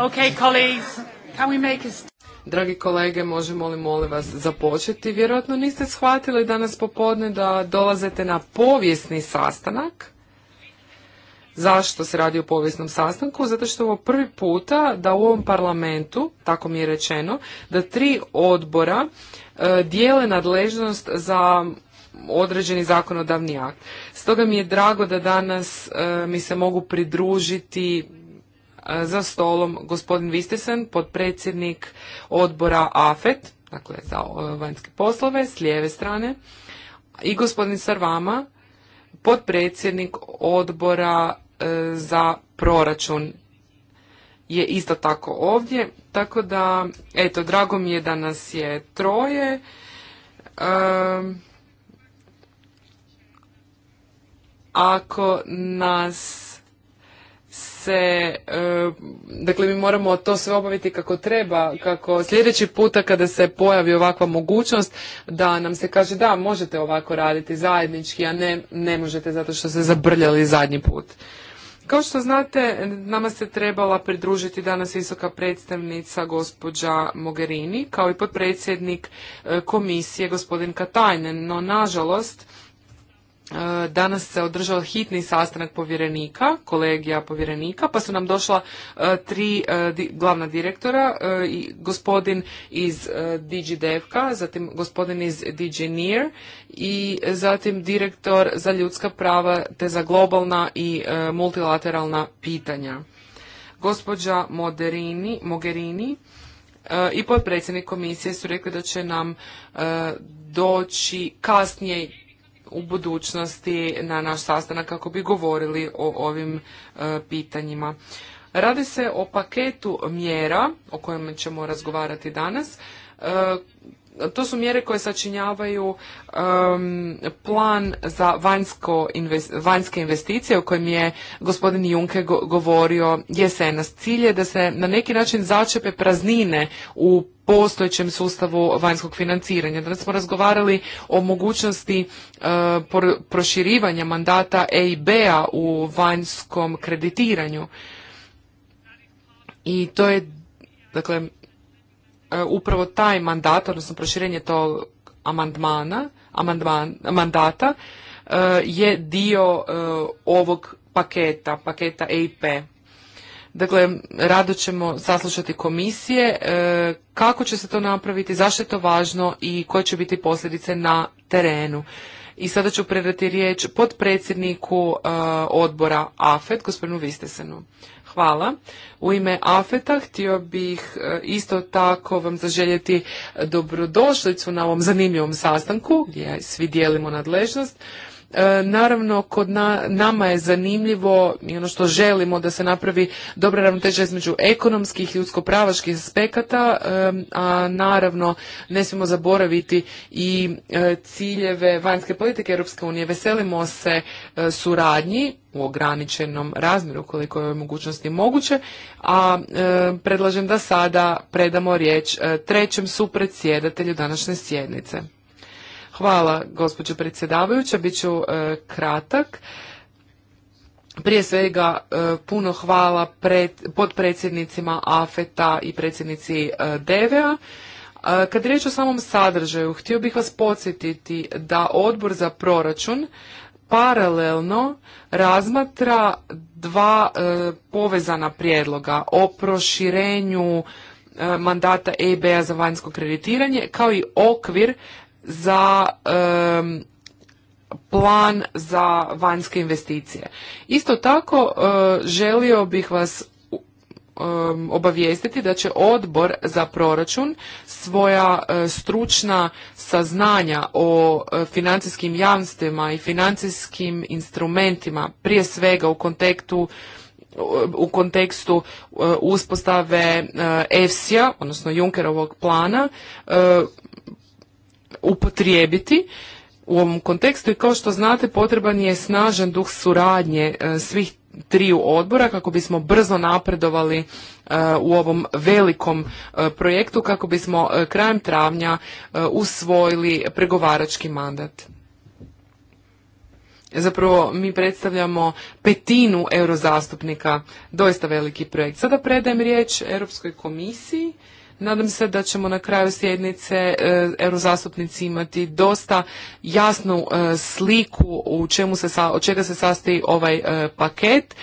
Okay, colleagues, can we make a... Dragi kolege, možemo li molim vas započeti? Vjerojatno niste shvatili danas popodne da dolazite na povijesni sastanak. Zašto se radi o povijesnom sastanku? Zato što je ovo prvi puta da u ovom parlamentu, tako mi je rečeno, da tri odbora e, dijele nadležnost za određeni zakonodavni akt. Stoga mi je drago da danas e, mi se mogu pridružiti E, za stolom gospodin Vistesen, podpredsjednik odbora AFET, dakle za e, vanjske poslove, s lijeve strane, i gospodin Sarvama, podpredsjednik odbora e, za proračun je isto tako ovdje. Tako da, eto, drago mi je da nas je troje. ako nas se, e, dakle mi moramo to sve obaviti kako treba, kako sljedeći puta kada se pojavi ovakva mogućnost da nam se kaže da možete ovako raditi zajednički, a ne, ne možete zato što ste zabrljali zadnji put. Kao što znate, nama se trebala pridružiti danas visoka predstavnica gospođa Mogherini, kao i potpredsjednik e, komisije gospodin Katajnen, no nažalost E, danas se održao hitni sastanak povjerenika, kolegija povjerenika, pa su nam došla e, tri e, glavna direktora, gospodin iz DigiDevka, zatim gospodin iz DigiNear i zatim direktor za ljudska prava te za globalna i multilateralna pitanja. Gospođa Mogherini i potpredsjednik komisije su rekli da će nam doći kasnije u budućnosti na naš sastanak kako bi govorili o ovim e, pitanjima. Radi se o paketu mjera o kojem ćemo razgovarati danas. E, to su mjere koje sačinjavaju plan za vanjske investicije o kojem je gospodin Junke govorio jesenas. Cilj je da se na neki način začepe praznine u postojećem sustavu vanjskog financiranja. Danas smo razgovarali o mogućnosti e, proširivanja mandata EIB-a u vanjskom kreditiranju. I to je, dakle, e, upravo taj mandat, odnosno proširenje tog amandmana, amandman, mandata, e, je dio ovog paketa, paketa EIP. Dakle, rado ćemo saslušati komisije e, kako će se to napraviti, zašto je to važno i koje će biti posljedice na terenu. I sada ću predati riječ potpredsjedniku e, odbora AFET, gospodinu Vistesenu. Hvala. U ime Afeta htio bih e, isto tako vam zaželjeti dobrodošlicu na ovom zanimljivom sastanku gdje svi dijelimo nadležnost. E, naravno, kod nama je zanimljivo i ono što želimo da se napravi dobra ravnoteža između ekonomskih i ljudsko-pravaških aspekata, e, a naravno ne smijemo zaboraviti i e, ciljeve vanjske politike Europske unije. Veselimo se suradnji u ograničenom razmjeru koliko je mogućnosti moguće, a predlažem da sada predamo riječ trećem supredsjedatelju današnje sjednice. Hvala, gospođo predsjedavajuća. Biću ću e, kratak. Prije svega e, puno hvala pred, podpredsjednicima AFETA i predsjednici e, a e, Kad riječ o samom sadržaju, htio bih vas podsjetiti da odbor za proračun paralelno razmatra dva povezana prijedloga o proširenju mandata EBA za vanjsko kreditiranje, kao i okvir za plan za vanjske investicije. Isto tako e, želio bih vas obavijestiti da će odbor za proračun svoja e, stručna saznanja o e, financijskim jamstvima i financijskim instrumentima prije svega u kontekstu u kontekstu uspostave EFSI-a, odnosno Junkerovog plana, upotrijebiti u ovom kontekstu i kao što znate potreban je snažan duh suradnje e, svih triju odbora kako bismo brzo napredovali e, u ovom velikom e, projektu kako bismo krajem travnja usvojili pregovarački mandat. Zapravo mi predstavljamo petinu eurozastupnika, doista veliki projekt. Sada predajem riječ Europskoj komisiji. Nadam se da ćemo na kraju sjednice e, eurozastupnici imati dosta jasnu e, sliku u čemu se, od čega se sastoji ovaj e, paket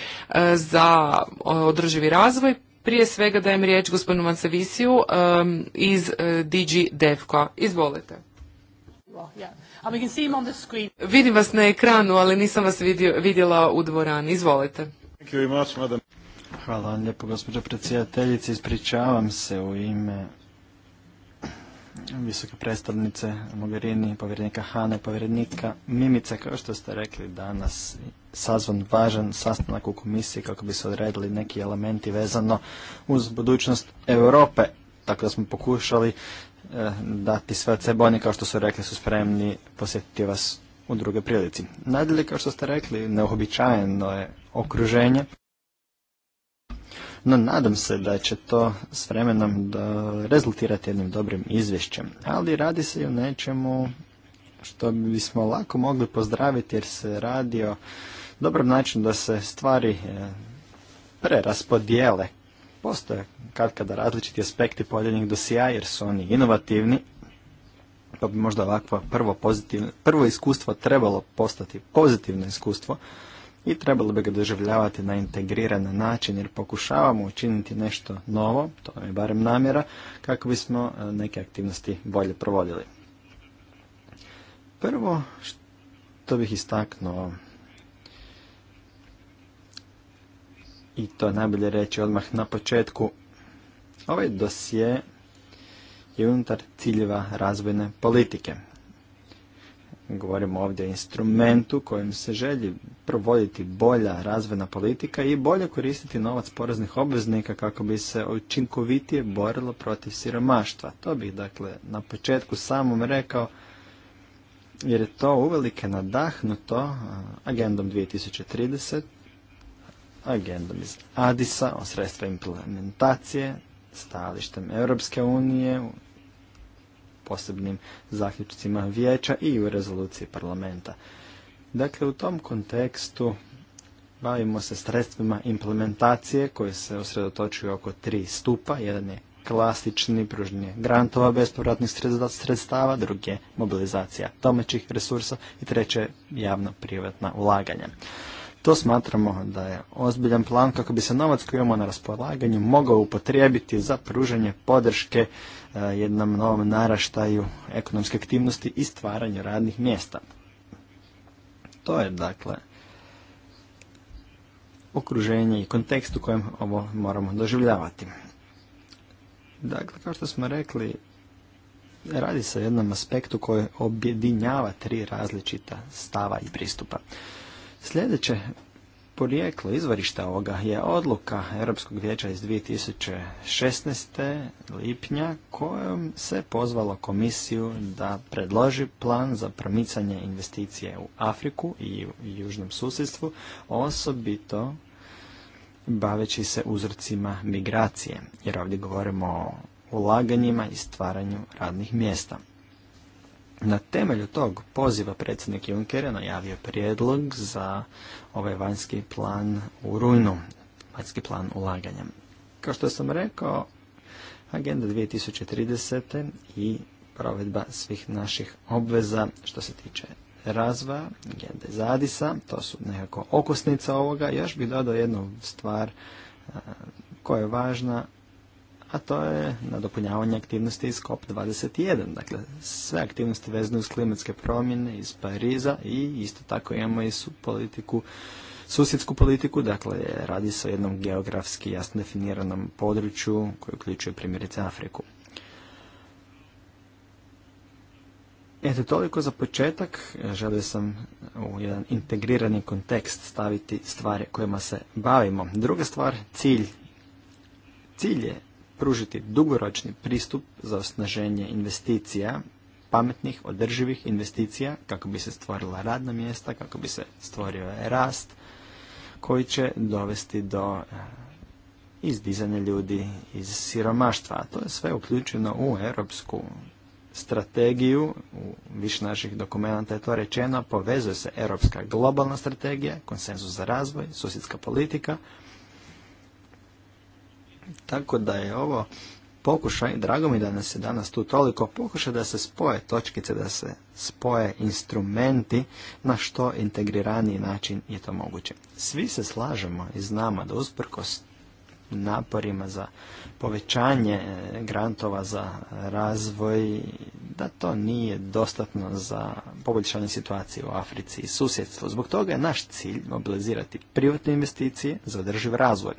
za održivi razvoj. Prije svega dajem riječ gospodinu Mansevisiju iz DG Devka. Izvolite. Vidim vas na ekranu, ali nisam vas vidjela u dvorani. Izvolite. Hvala vam lijepo, gospođo predsjedateljice. Ispričavam se u ime visoke predstavnice Mogherini, povjerenika Hane, povjerenika Mimice. kao što ste rekli danas, sazvan važan sastanak u komisiji kako bi se odredili neki elementi vezano uz budućnost Europe. Tako da smo pokušali e, dati sve od sebe, oni kao što su rekli su spremni posjetiti vas u druge prilici. Nadalje, kao što ste rekli, neobičajeno je okruženje no nadam se da će to s vremenom da rezultirati jednim dobrim izvješćem. Ali radi se i o nečemu što bismo lako mogli pozdraviti jer se radi o dobrom načinu da se stvari e, preraspodijele. Postoje kad kada različiti aspekti pojedinih dosija jer su oni inovativni, To pa bi možda ovakvo prvo, prvo iskustvo trebalo postati pozitivno iskustvo, i trebalo bi ga doživljavati na integriran način jer pokušavamo učiniti nešto novo, to je barem namjera, kako bismo e, neke aktivnosti bolje provodili. Prvo što bih istaknuo i to je najbolje reći odmah na početku, ovaj dosje je unutar ciljeva razvojne politike. Govorimo ovdje o instrumentu kojim se želi provoditi bolja razvojna politika i bolje koristiti novac poreznih obveznika kako bi se učinkovitije borilo protiv siromaštva. To bih dakle na početku samom rekao jer je to uvelike nadahnuto agendom 2030, agendom iz Adisa o sredstva implementacije, stalištem Europske unije posebnim zaključcima vijeća i u rezoluciji parlamenta. Dakle, u tom kontekstu bavimo se sredstvima implementacije koje se osredotočuju oko tri stupa. Jedan je klasični pružnje grantova bespovratnih sredstava, drugi je mobilizacija domaćih resursa i treće je javno-privatna ulaganja. To smatramo da je ozbiljan plan kako bi se novac koji imamo na raspolaganju mogao upotrijebiti za pružanje podrške e, jednom novom naraštaju ekonomske aktivnosti i stvaranje radnih mjesta. To je dakle okruženje i kontekst u kojem ovo moramo doživljavati. Dakle, kao što smo rekli, radi se o jednom aspektu koji objedinjava tri različita stava i pristupa. Sljedeće porijeklo izvorišta ovoga je odluka Europskog vijeća iz 2016. lipnja kojom se pozvalo komisiju da predloži plan za promicanje investicije u Afriku i južnom susjedstvu, osobito baveći se uzrocima migracije, jer ovdje govorimo o ulaganjima i stvaranju radnih mjesta. Na temelju tog poziva predsjednik Juncker najavio prijedlog za ovaj vanjski plan u rujnu, vanjski plan ulaganja. Kao što sam rekao, Agenda 2030. i provedba svih naših obveza što se tiče razvoja, agende zadisa, to su nekako okusnica ovoga. Još bih dodao jednu stvar koja je važna, a to je nadopunjavanje aktivnosti iz COP21. Dakle, sve aktivnosti vezane uz klimatske promjene iz Pariza i isto tako imamo i su politiku susjedsku politiku, dakle radi se o jednom geografski jasno definiranom području koji uključuje primjerice Afriku. Eto, toliko za početak. Želio sam u jedan integrirani kontekst staviti stvari kojima se bavimo. Druga stvar, cilj. Cilj je pružiti dugoročni pristup za osnaženje investicija, pametnih, održivih investicija, kako bi se stvorila radna mjesta, kako bi se stvorio rast, koji će dovesti do eh, izdizanja ljudi iz siromaštva. A to je sve uključeno u europsku strategiju, u više naših dokumenta je to rečeno, povezuje se europska globalna strategija, konsenzus za razvoj, susjedska politika, tako da je ovo pokušaj, drago mi da nas je danas tu toliko, pokušaj da se spoje točkice, da se spoje instrumenti na što integriraniji način je to moguće. Svi se slažemo i znamo da usprkos naporima za povećanje e, grantova za razvoj, da to nije dostatno za poboljšanje situacije u Africi i susjedstvu. Zbog toga je naš cilj mobilizirati privatne investicije za održiv razvoj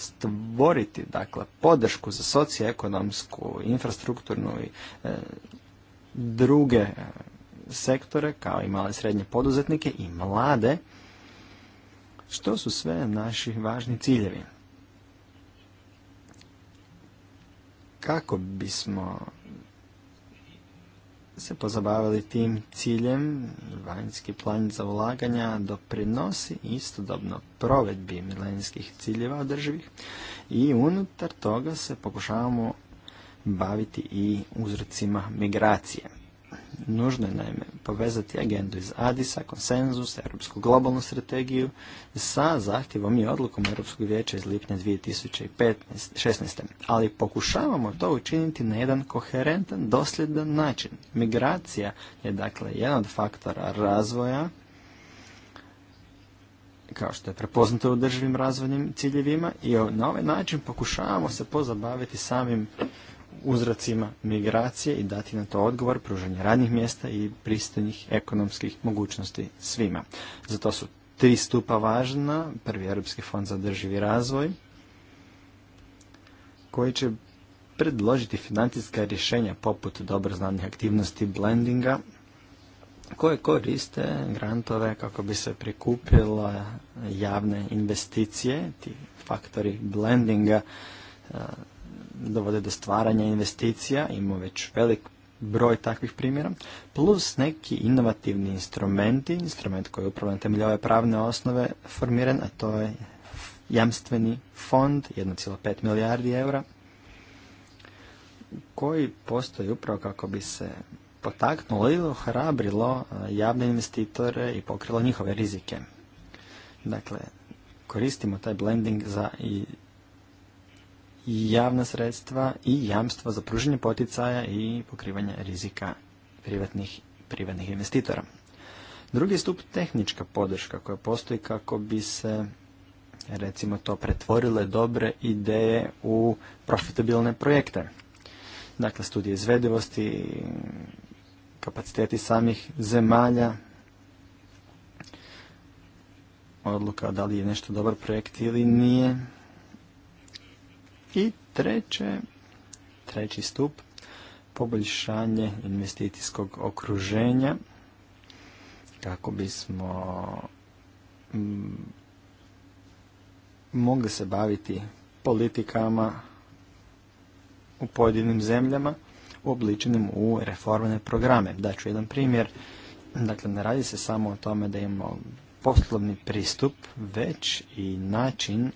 stvoriti dakle, podršku za socioekonomsku, infrastrukturnu i e, druge e, sektore, kao i male i srednje poduzetnike i mlade, što su sve naši važni ciljevi. Kako bismo se pozabavili tim ciljem, vanjski plan za ulaganja doprinosi istodobno provedbi milenijskih ciljeva održivih i unutar toga se pokušavamo baviti i uzrocima migracije. Nužno je naime povezati agendu iz Adisa, konsenzus, europsku globalnu strategiju sa zahtjevom i odlukom Europskog vijeća iz lipnja 2016. Ali pokušavamo to učiniti na jedan koherentan, dosljedan način. Migracija je dakle jedan od faktora razvoja kao što je prepoznato u državnim razvojnim ciljevima i na ovaj način pokušavamo se pozabaviti samim uzrocima migracije i dati na to odgovor pružanje radnih mjesta i pristojnih ekonomskih mogućnosti svima. Za to su tri stupa važna. Prvi Europski fond za drživi razvoj koji će predložiti financijska rješenja poput dobro znanih aktivnosti blendinga koje koriste grantove kako bi se prikupila javne investicije, ti faktori blendinga dovode do stvaranja investicija, imamo već velik broj takvih primjera, plus neki inovativni instrumenti, instrument koji je upravo na temelju ove pravne osnove formiran, a to je jamstveni fond, 1,5 milijardi eura, koji postoji upravo kako bi se potaknulo ili ohrabrilo javne investitore i pokrilo njihove rizike. Dakle, koristimo taj blending za i javna sredstva i jamstva za pruženje poticaja i pokrivanje rizika privatnih, privatnih investitora. Drugi stup tehnička podrška koja postoji kako bi se recimo to pretvorile dobre ideje u profitabilne projekte. Dakle, studije izvedivosti, kapaciteti samih zemalja, odluka da li je nešto dobar projekt ili nije, i treće, treći stup, poboljšanje investicijskog okruženja kako bismo mm, mogli se baviti politikama u pojedinim zemljama uobličenim u reformne programe. Daću jedan primjer. Dakle, ne radi se samo o tome da imamo poslovni pristup, već i način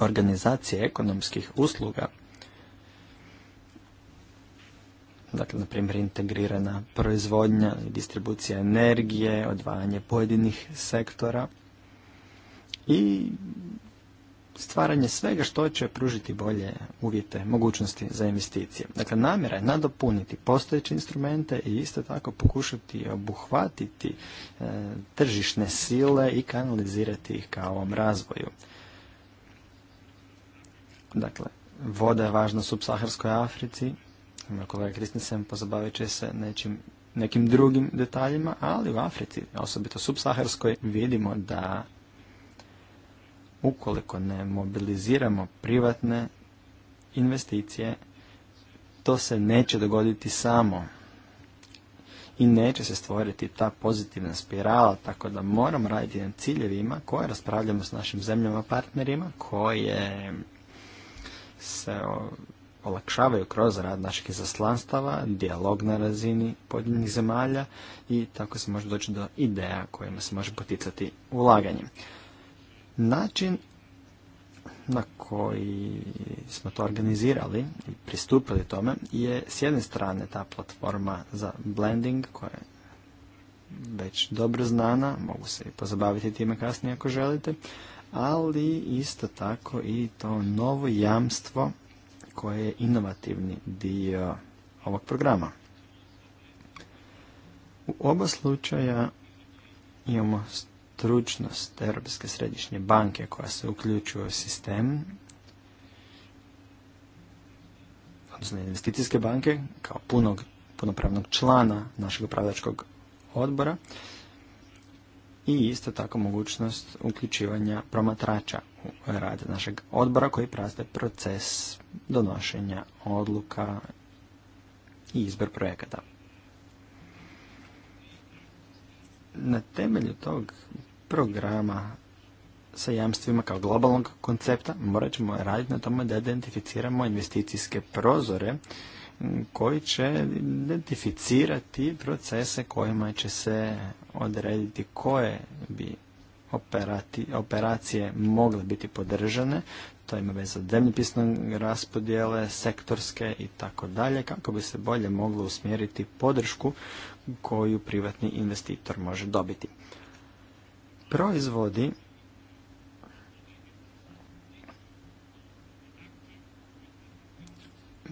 organizacije ekonomskih usluga, dakle, na primjer, integrirana proizvodnja i distribucija energije, odvajanje pojedinih sektora i stvaranje svega što će pružiti bolje uvjete, mogućnosti za investicije. Dakle, namjera je nadopuniti postojeće instrumente i isto tako pokušati obuhvatiti e, tržišne sile i kanalizirati ih ka ovom razvoju. Dakle, voda je važna u subsaharskoj Africi. Moj kolega Kristensen pozabavit će se nečim, nekim drugim detaljima, ali u Africi, osobito subsaharskoj, vidimo da ukoliko ne mobiliziramo privatne investicije, to se neće dogoditi samo i neće se stvoriti ta pozitivna spirala, tako da moramo raditi na ciljevima koje raspravljamo s našim zemljama partnerima, koje se olakšavaju kroz rad naših izaslanstava, dijalog na razini pojedinih zemalja i tako se može doći do ideja kojima se može poticati ulaganje. Način na koji smo to organizirali i pristupili tome je s jedne strane ta platforma za blending koja je već dobro znana, mogu se i pozabaviti time kasnije ako želite, ali isto tako i to novo jamstvo koje je inovativni dio ovog programa. U oba slučaja imamo stručnost Europske središnje banke koja se uključuje u sistem, odnosno investicijske banke, kao punog, punopravnog člana našeg upravljačkog odbora, i isto tako mogućnost uključivanja promatrača u rad našeg odbora koji praste proces donošenja odluka i izbor projekata. Na temelju tog programa sa jamstvima kao globalnog koncepta morat ćemo raditi na tome da identificiramo investicijske prozore koji će identificirati procese kojima će se odrediti koje bi operati, operacije mogle biti podržane. To ima veze od zemljopisne raspodjele, sektorske i tako dalje, kako bi se bolje moglo usmjeriti podršku koju privatni investitor može dobiti. Proizvodi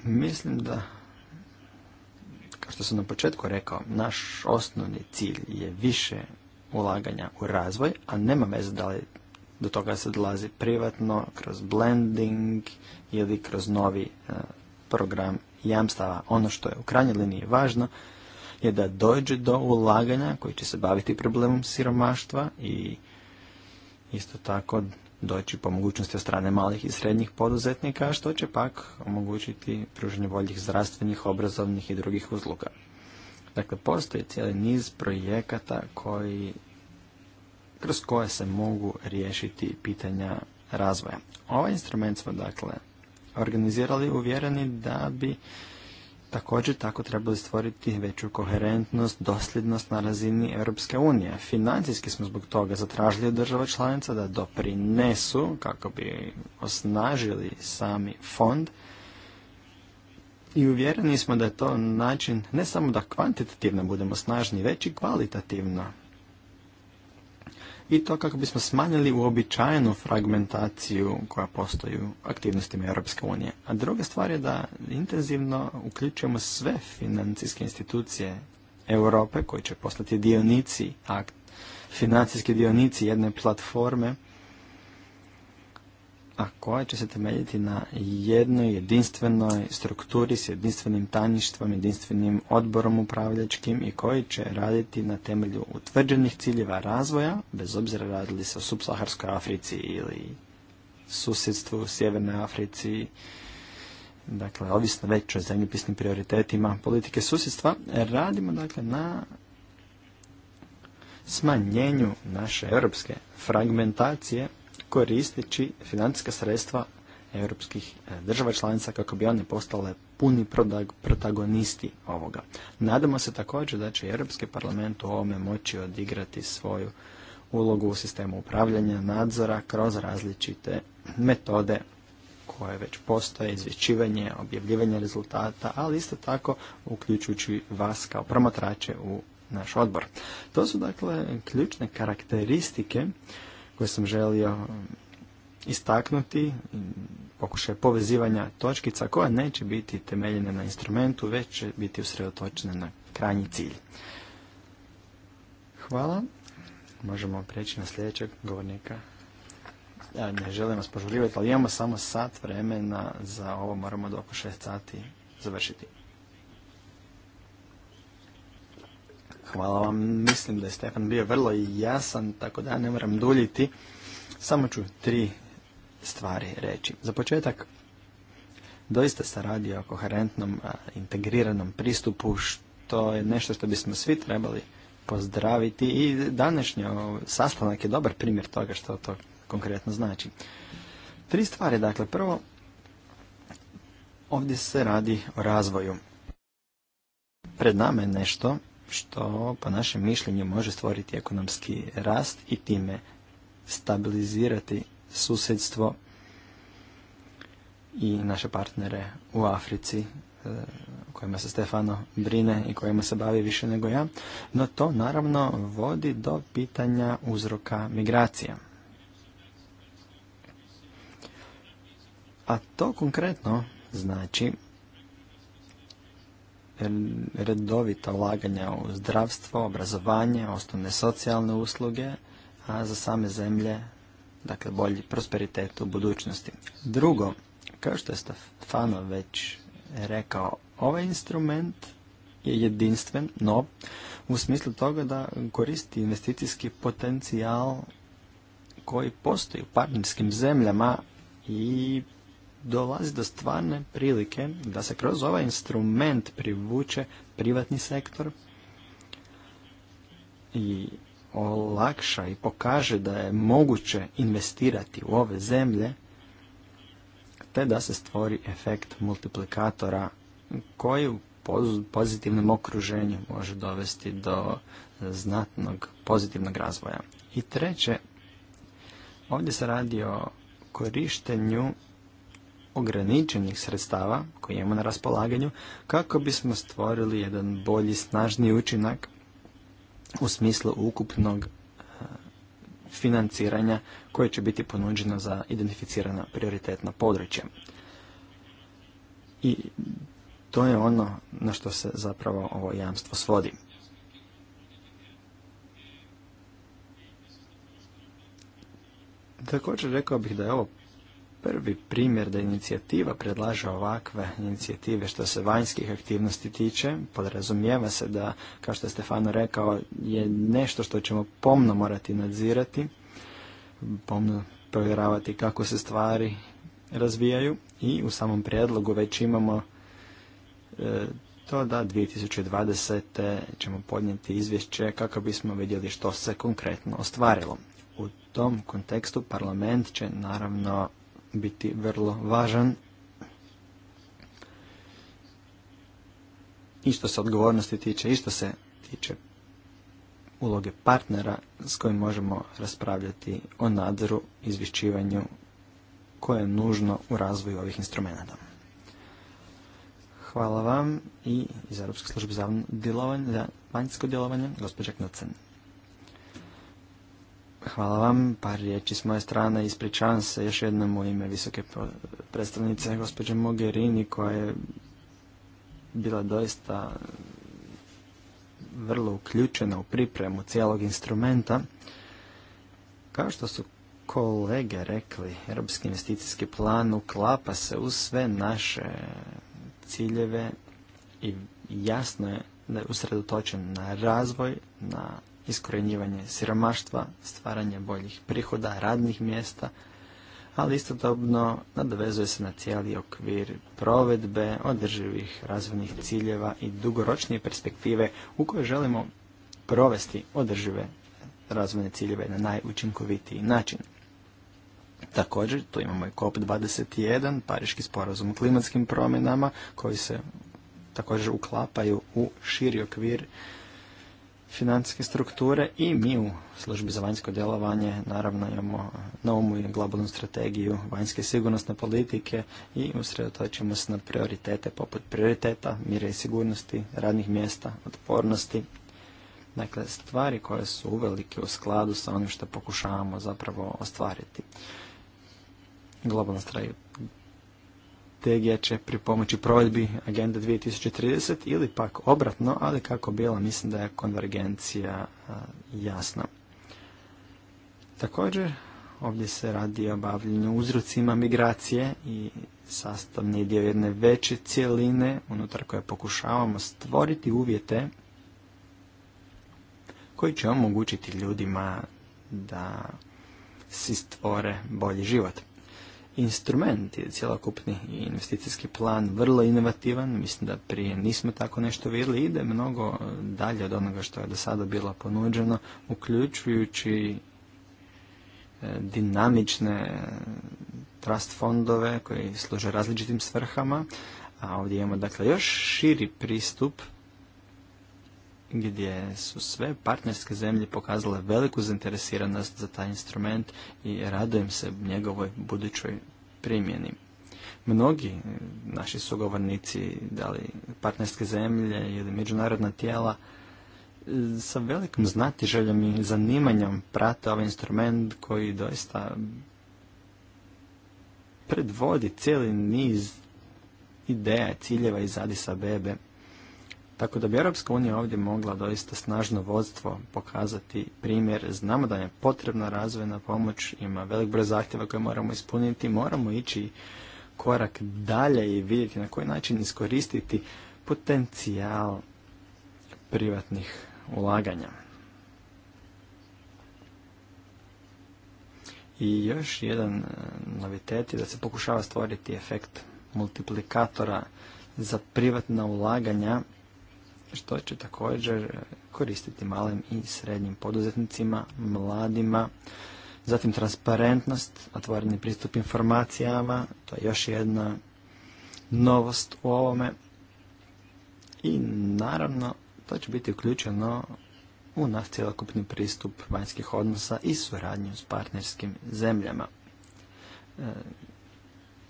mislim da kao što sam na početku rekao, naš osnovni cilj je više ulaganja u razvoj, a nema veze da li do toga se dolazi privatno, kroz blending ili kroz novi e, program jamstava. Ono što je u krajnjoj liniji važno je da dođe do ulaganja koji će se baviti problemom siromaštva i isto tako doći po mogućnosti od strane malih i srednjih poduzetnika, što će pak omogućiti pružanje boljih zdravstvenih, obrazovnih i drugih usluga. Dakle, postoji cijeli niz projekata koji, kroz koje se mogu riješiti pitanja razvoja. Ovaj instrument smo, dakle, organizirali uvjereni da bi Također tako trebali stvoriti veću koherentnost, dosljednost na razini Europske unije. Financijski smo zbog toga zatražili od država članica da doprinesu kako bi osnažili sami fond i uvjereni smo da je to način ne samo da kvantitativno budemo snažni, već i kvalitativno i to kako bismo smanjili uobičajenu fragmentaciju koja postoji u aktivnostima Europske unije. A druga stvar je da intenzivno uključujemo sve financijske institucije Europe koji će postati dionici, financijski dionici jedne platforme a koja će se temeljiti na jednoj jedinstvenoj strukturi s jedinstvenim tajništvom, jedinstvenim odborom upravljačkim i koji će raditi na temelju utvrđenih ciljeva razvoja, bez obzira radili se o subsaharskoj Africi ili susjedstvu Sjevernoj Africi, dakle, ovisno već o zemljopisnim prioritetima politike susjedstva, radimo dakle na smanjenju naše europske fragmentacije koristeći financijska sredstva europskih e, država članica kako bi one postale puni protagonisti ovoga. Nadamo se također da će Europski parlament u ovome moći odigrati svoju ulogu u sistemu upravljanja nadzora kroz različite metode koje već postoje, izvješćivanje, objavljivanje rezultata, ali isto tako uključujući vas kao promatrače u naš odbor. To su dakle ključne karakteristike koje sam želio istaknuti, pokušaj povezivanja točkica koja neće biti temeljena na instrumentu, već će biti usredotočena na krajnji cilj. Hvala. Možemo preći na sljedećeg govornika. Ja ne želim vas požurivati, ali imamo samo sat vremena za ovo, moramo do oko šest sati završiti. Hvala vam. Mislim da je Stefan bio vrlo jasan, tako da ne moram duljiti. Samo ću tri stvari reći. Za početak, doista se radi o koherentnom, integriranom pristupu, što je nešto što bismo svi trebali pozdraviti i današnji sastanak je dobar primjer toga što to konkretno znači. Tri stvari, dakle, prvo, ovdje se radi o razvoju. Pred nama je nešto što po našem mišljenju može stvoriti ekonomski rast i time stabilizirati susjedstvo i naše partnere u Africi e, kojima se Stefano brine i kojima se bavi više nego ja, no to naravno vodi do pitanja uzroka migracija. A to konkretno znači redovita ulaganja u zdravstvo, obrazovanje, osnovne socijalne usluge, a za same zemlje, dakle, bolji prosperitet u budućnosti. Drugo, kao što je Stefano već rekao, ovaj instrument je jedinstven, no u smislu toga da koristi investicijski potencijal koji postoji u partnerskim zemljama i dolazi do stvarne prilike da se kroz ovaj instrument privuče privatni sektor i olakša i pokaže da je moguće investirati u ove zemlje te da se stvori efekt multiplikatora koji u pozitivnom okruženju može dovesti do znatnog pozitivnog razvoja. I treće, ovdje se radi o korištenju ograničenih sredstava koje imamo na raspolaganju kako bismo stvorili jedan bolji, snažni učinak u smislu ukupnog e, financiranja koje će biti ponuđeno za identificirana prioritetna područja. I to je ono na što se zapravo ovo jamstvo svodi. Također rekao bih da je ovo prvi primjer da inicijativa predlaže ovakve inicijative što se vanjskih aktivnosti tiče. Podrazumijeva se da, kao što je Stefano rekao, je nešto što ćemo pomno morati nadzirati, pomno provjeravati kako se stvari razvijaju i u samom prijedlogu već imamo e, to da 2020. ćemo podnijeti izvješće kako bismo vidjeli što se konkretno ostvarilo. U tom kontekstu parlament će naravno biti vrlo važan. I što se odgovornosti tiče, isto se tiče uloge partnera s kojim možemo raspravljati o nadzoru, izvješćivanju koje je nužno u razvoju ovih instrumenta. Hvala vam i iz Europske službe za vanjsko djelovanje, gospođa Knucen. Hvala vam. Par riječi s moje strane. Ispričavam se još jednom u ime visoke predstavnice gospođe Mogherini koja je bila doista vrlo uključena u pripremu cijelog instrumenta. Kao što su kolege rekli, Europski investicijski plan uklapa se u sve naše ciljeve i jasno je da je usredotočen na razvoj, na iskorenjivanje siromaštva, stvaranje boljih prihoda, radnih mjesta, ali istodobno nadvezuje se na cijeli okvir provedbe održivih razvojnih ciljeva i dugoročnije perspektive u kojoj želimo provesti održive razvojne ciljeve na najučinkovitiji način. Također, tu imamo i COP21, Pariški sporazum o klimatskim promjenama, koji se također uklapaju u širi okvir financijske strukture i mi u službi za vanjsko djelovanje naravno imamo novu i globalnu strategiju vanjske sigurnosne politike i usredotočimo se na prioritete poput prioriteta mira i sigurnosti, radnih mjesta, otpornosti. Dakle, stvari koje su uvelike u skladu sa onim što pokušavamo zapravo ostvariti. Globalna strategija će pomoći provedbi Agenda 2030 ili pak obratno, ali kako bilo mislim da je konvergencija jasna. Također, ovdje se radi o bavljenju uzrocima migracije i sastavni dio jedne veće cijeline unutar koje pokušavamo stvoriti uvjete koji će omogućiti ljudima da si stvore bolji život instrument je cjelokupni investicijski plan vrlo inovativan. Mislim da prije nismo tako nešto vidjeli. Ide mnogo dalje od onoga što je do sada bilo ponuđeno, uključujući e, dinamične trust fondove koji služe različitim svrhama. A ovdje imamo dakle još širi pristup gdje su sve partnerske zemlje pokazale veliku zainteresiranost za taj instrument i radujem se njegovoj budućoj primjeni. Mnogi naši sugovornici, da li partnerske zemlje ili međunarodna tijela, sa velikom znatiželjom i zanimanjem prate ovaj instrument koji doista predvodi cijeli niz ideja, ciljeva iz Adisa Bebe tako da bi Europska unija ovdje mogla doista snažno vodstvo pokazati primjer. Znamo da je potrebna razvojna pomoć, ima velik broj zahtjeva koje moramo ispuniti, moramo ići korak dalje i vidjeti na koji način iskoristiti potencijal privatnih ulaganja. I još jedan e, novitet je da se pokušava stvoriti efekt multiplikatora za privatna ulaganja što će također e, koristiti malim i srednjim poduzetnicima, mladima, zatim transparentnost, otvoreni pristup informacijama, to je još jedna novost u ovome i naravno to će biti uključeno u naš cjelokupni pristup vanjskih odnosa i suradnju s partnerskim zemljama. E,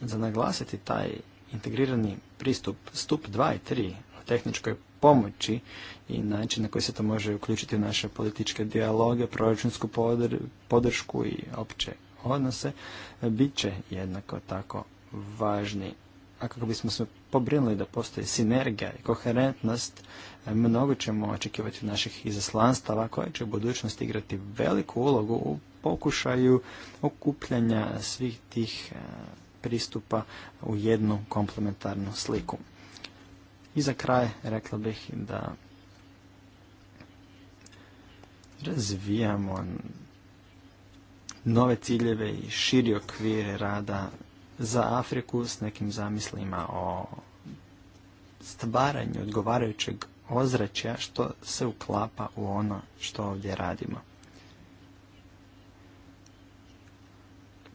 za naglasiti taj integrirani pristup, stup 2 i 3 o tehničkoj pomoći i način na koji se to može uključiti u naše političke dijaloge, proračunsku podršku i opće odnose, bit će jednako tako važni. A kako bismo se pobrinuli da postoji sinergija i koherentnost, mnogo ćemo očekivati od naših izaslanstava koje će u budućnosti igrati veliku ulogu u pokušaju okupljanja svih tih eh, pristupa u jednu komplementarnu sliku. I za kraj rekla bih da razvijamo nove ciljeve i širi okvire rada za Afriku s nekim zamislima o stvaranju odgovarajućeg ozračja što se uklapa u ono što ovdje radimo.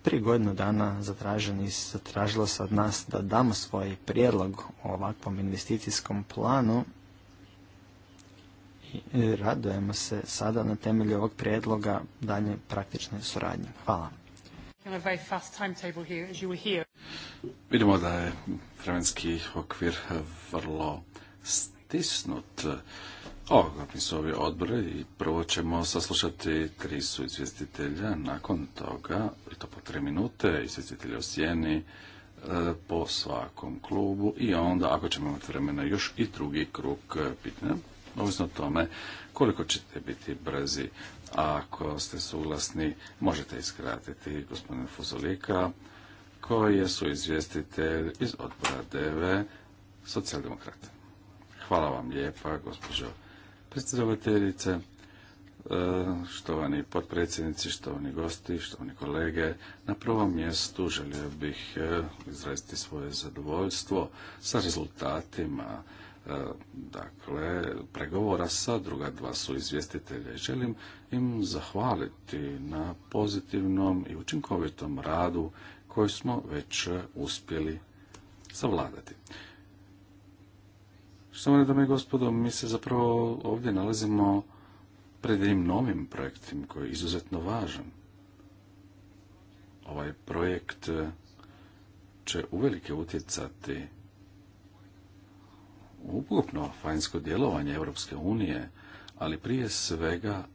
prije godinu dana zatraženi, zatražilo se od nas da damo svoj prijedlog o ovakvom investicijskom planu i e, radujemo se sada na temelju ovog prijedloga dalje praktične suradnje. Hvala. Vidimo da je vremenski okvir vrlo stisnut. Oglavni su ovi odbori i prvo ćemo saslušati tri su izvjestitelja, nakon toga, i to po tri minute, izvjestitelji o sjeni, e, po svakom klubu i onda ako ćemo imati vremena još i drugi krug e, pitanja, ovisno o tome koliko ćete biti brzi. ako ste suglasni, možete iskratiti gospodina Fuzolika koji je su izvjestitelj iz odbora DV socijaldemokrata. Hvala vam lijepa, gospođo Predsjedavateljice, e, štovani potpredsjednici, štovani gosti, štovani kolege, na prvom mjestu želio bih e, izraziti svoje zadovoljstvo sa rezultatima e, dakle, pregovora sa druga dva su izvjestitelja i želim im zahvaliti na pozitivnom i učinkovitom radu koji smo već uspjeli savladati mene, dame i gospodo, mi se zapravo ovdje nalazimo pred jednim novim projektom koji je izuzetno važan. Ovaj projekt e, će uvelike utjecati ukupno vanjsko djelovanje Europske unije, ali prije svega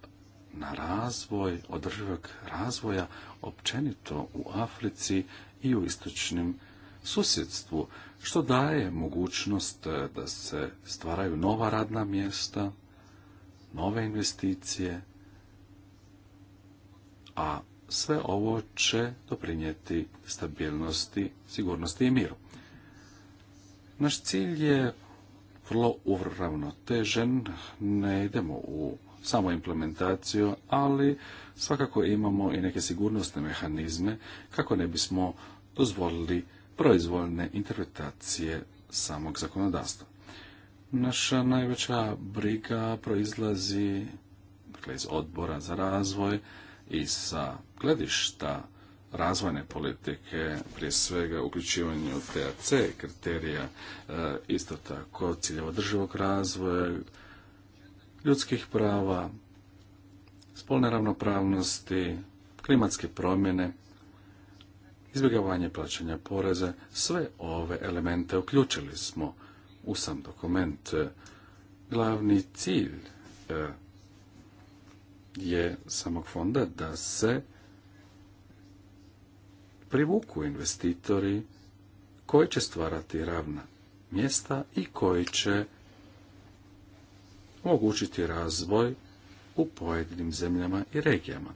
na razvoj, održivog razvoja općenito u Africi i u istočnim susjedstvu, što daje mogućnost e, da se stvaraju nova radna mjesta, nove investicije, a sve ovo će doprinijeti stabilnosti, sigurnosti i miru. Naš cilj je vrlo uravnotežen, ne idemo u samo implementaciju, ali svakako imamo i neke sigurnosne mehanizme kako ne bismo dozvolili proizvoljne interpretacije samog zakonodavstva. Naša najveća briga proizlazi dakle, iz odbora za razvoj i sa gledišta razvojne politike, prije svega uključivanje u TAC kriterija, e, isto tako ciljeva državog razvoja, ljudskih prava, spolne ravnopravnosti, klimatske promjene, izbjegavanje plaćanja poreza, sve ove elemente uključili smo u sam dokument. Glavni cilj e, je samog fonda da se privuku investitori koji će stvarati ravna mjesta i koji će omogućiti razvoj u pojedinim zemljama i regijama.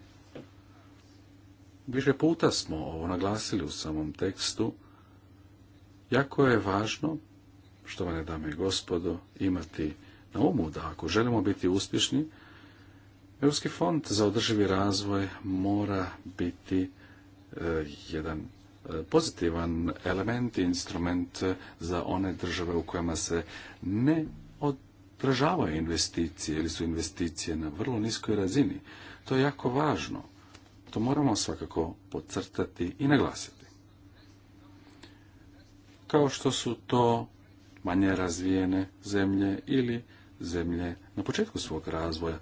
Više puta smo ovo naglasili u samom tekstu. Jako je važno, štovane dame i gospodo, imati na umu da ako želimo biti uspješni, Europski fond za održivi razvoj mora biti e, jedan e, pozitivan element i instrument za one države u kojima se ne održavaju investicije ili su investicije na vrlo niskoj razini. To je jako važno. To moramo svakako podcrtati i naglasiti. Kao što su to manje razvijene zemlje ili zemlje na početku svog razvoja,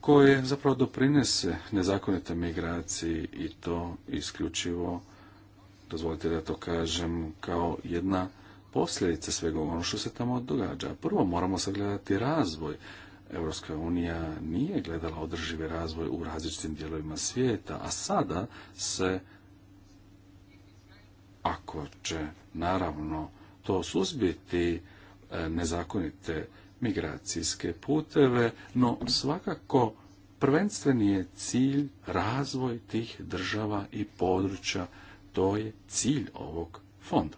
koje zapravo doprinese nezakonite migraciji i to isključivo, dozvolite da to kažem, kao jedna posljedica svega ono što se tamo događa. Prvo moramo sagledati razvoj Europska unija nije gledala održivi razvoj u različitim dijelovima svijeta, a sada se, ako će naravno to suzbiti e, nezakonite migracijske puteve, no svakako prvenstveni je cilj razvoj tih država i područja, to je cilj ovog fonda.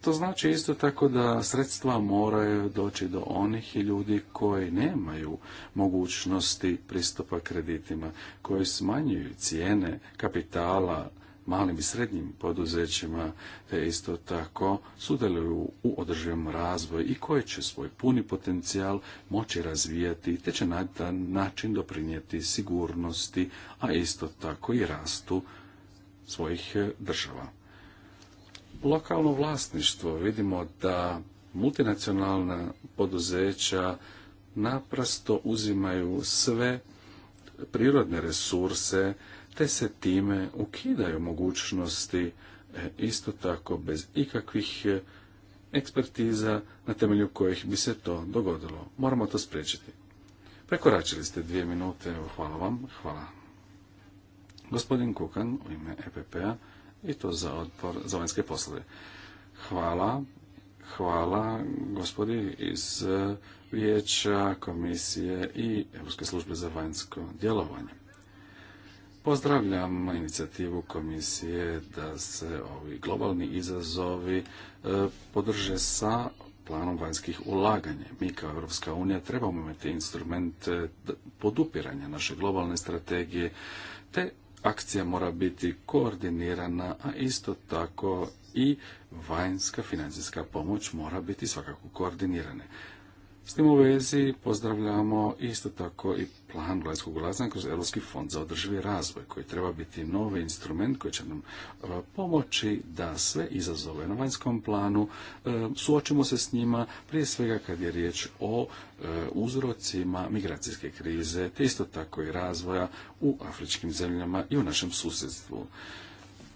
To znači isto tako da sredstva moraju doći do onih ljudi koji nemaju mogućnosti pristupa kreditima, koji smanjuju cijene kapitala malim i srednjim poduzećima, te isto tako sudjeluju u održivom razvoju i koji će svoj puni potencijal moći razvijati, te će na taj način doprinijeti sigurnosti, a isto tako i rastu svojih eh, država lokalno vlasništvo. Vidimo da multinacionalna poduzeća naprosto uzimaju sve prirodne resurse, te se time ukidaju mogućnosti e, isto tako bez ikakvih e, ekspertiza na temelju kojih bi se to dogodilo. Moramo to spriječiti. Prekoračili ste dvije minute, hvala vam, hvala. Gospodin Kukan u ime EPP-a i to za odpor za vanjske poslove. Hvala. Hvala gospodi iz e, vijeća, komisije i Europske službe za vanjsko djelovanje. Pozdravljam inicijativu komisije da se ovi globalni izazovi e, podrže sa planom vanjskih ulaganja. Mi kao Europska unija trebamo imati instrument podupiranja naše globalne strategije te akcija mora biti koordinirana, a isto tako i vanjska financijska pomoć mora biti svakako koordinirana. S tim u vezi pozdravljamo isto tako i plan vanjskog ulazanja kroz Europski fond za održivi razvoj, koji treba biti novi instrument koji će nam e, pomoći da sve izazove na vanjskom planu e, suočimo se s njima, prije svega kad je riječ o e, uzrocima migracijske krize, te isto tako i razvoja u afričkim zemljama i u našem susjedstvu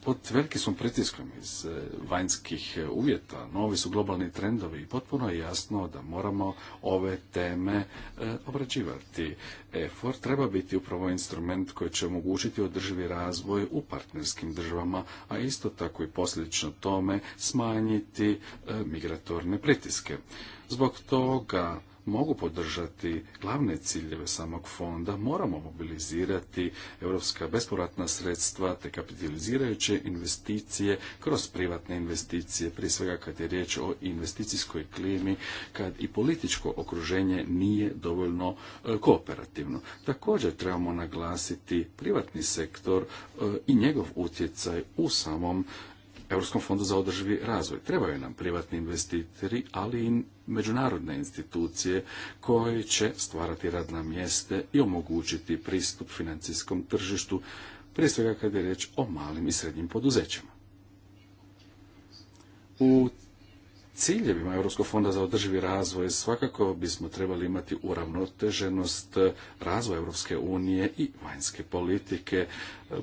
pod velikim su pritiskom iz eh, vanjskih eh, uvjeta, novi su globalni trendovi i potpuno je jasno da moramo ove teme eh, obrađivati. EFOR treba biti upravo instrument koji će omogućiti održivi razvoj u partnerskim državama, a isto tako i posljedično tome smanjiti migratorne pritiske. Zbog toga mogu podržati glavne ciljeve samog fonda, moramo mobilizirati europska bespovratna sredstva te kapitalizirajuće investicije kroz privatne investicije, prije svega kad je riječ o investicijskoj klimi, kad i političko okruženje nije dovoljno e, kooperativno. Također trebamo naglasiti privatni sektor e, i njegov utjecaj u samom Europskom fondu za održivi razvoj. Trebaju nam privatni investitori, ali i međunarodne institucije koje će stvarati radna mjeste i omogućiti pristup financijskom tržištu, prije svega kad je riječ o malim i srednjim poduzećima. U ciljevima Europskog fonda za održivi razvoj svakako bismo trebali imati uravnoteženost razvoja Europske unije i vanjske politike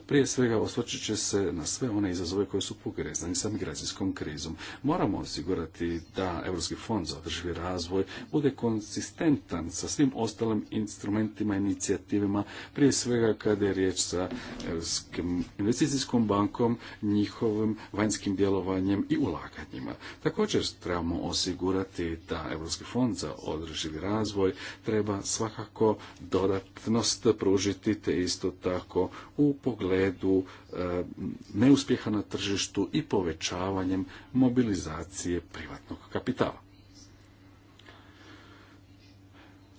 prije svega osvrćit će se na sve one izazove koje su povezani sa migracijskom krizom. Moramo osigurati da Europski fond za održivi razvoj bude konsistentan sa svim ostalim instrumentima i inicijativama, prije svega kada je riječ sa Europskim investicijskom bankom, njihovim vanjskim djelovanjem i ulaganjima. Također trebamo osigurati da Europski fond za održivi razvoj treba svakako dodatnost pružiti te isto tako u gledu e, neuspjeha na tržištu i povećavanjem mobilizacije privatnog kapitala.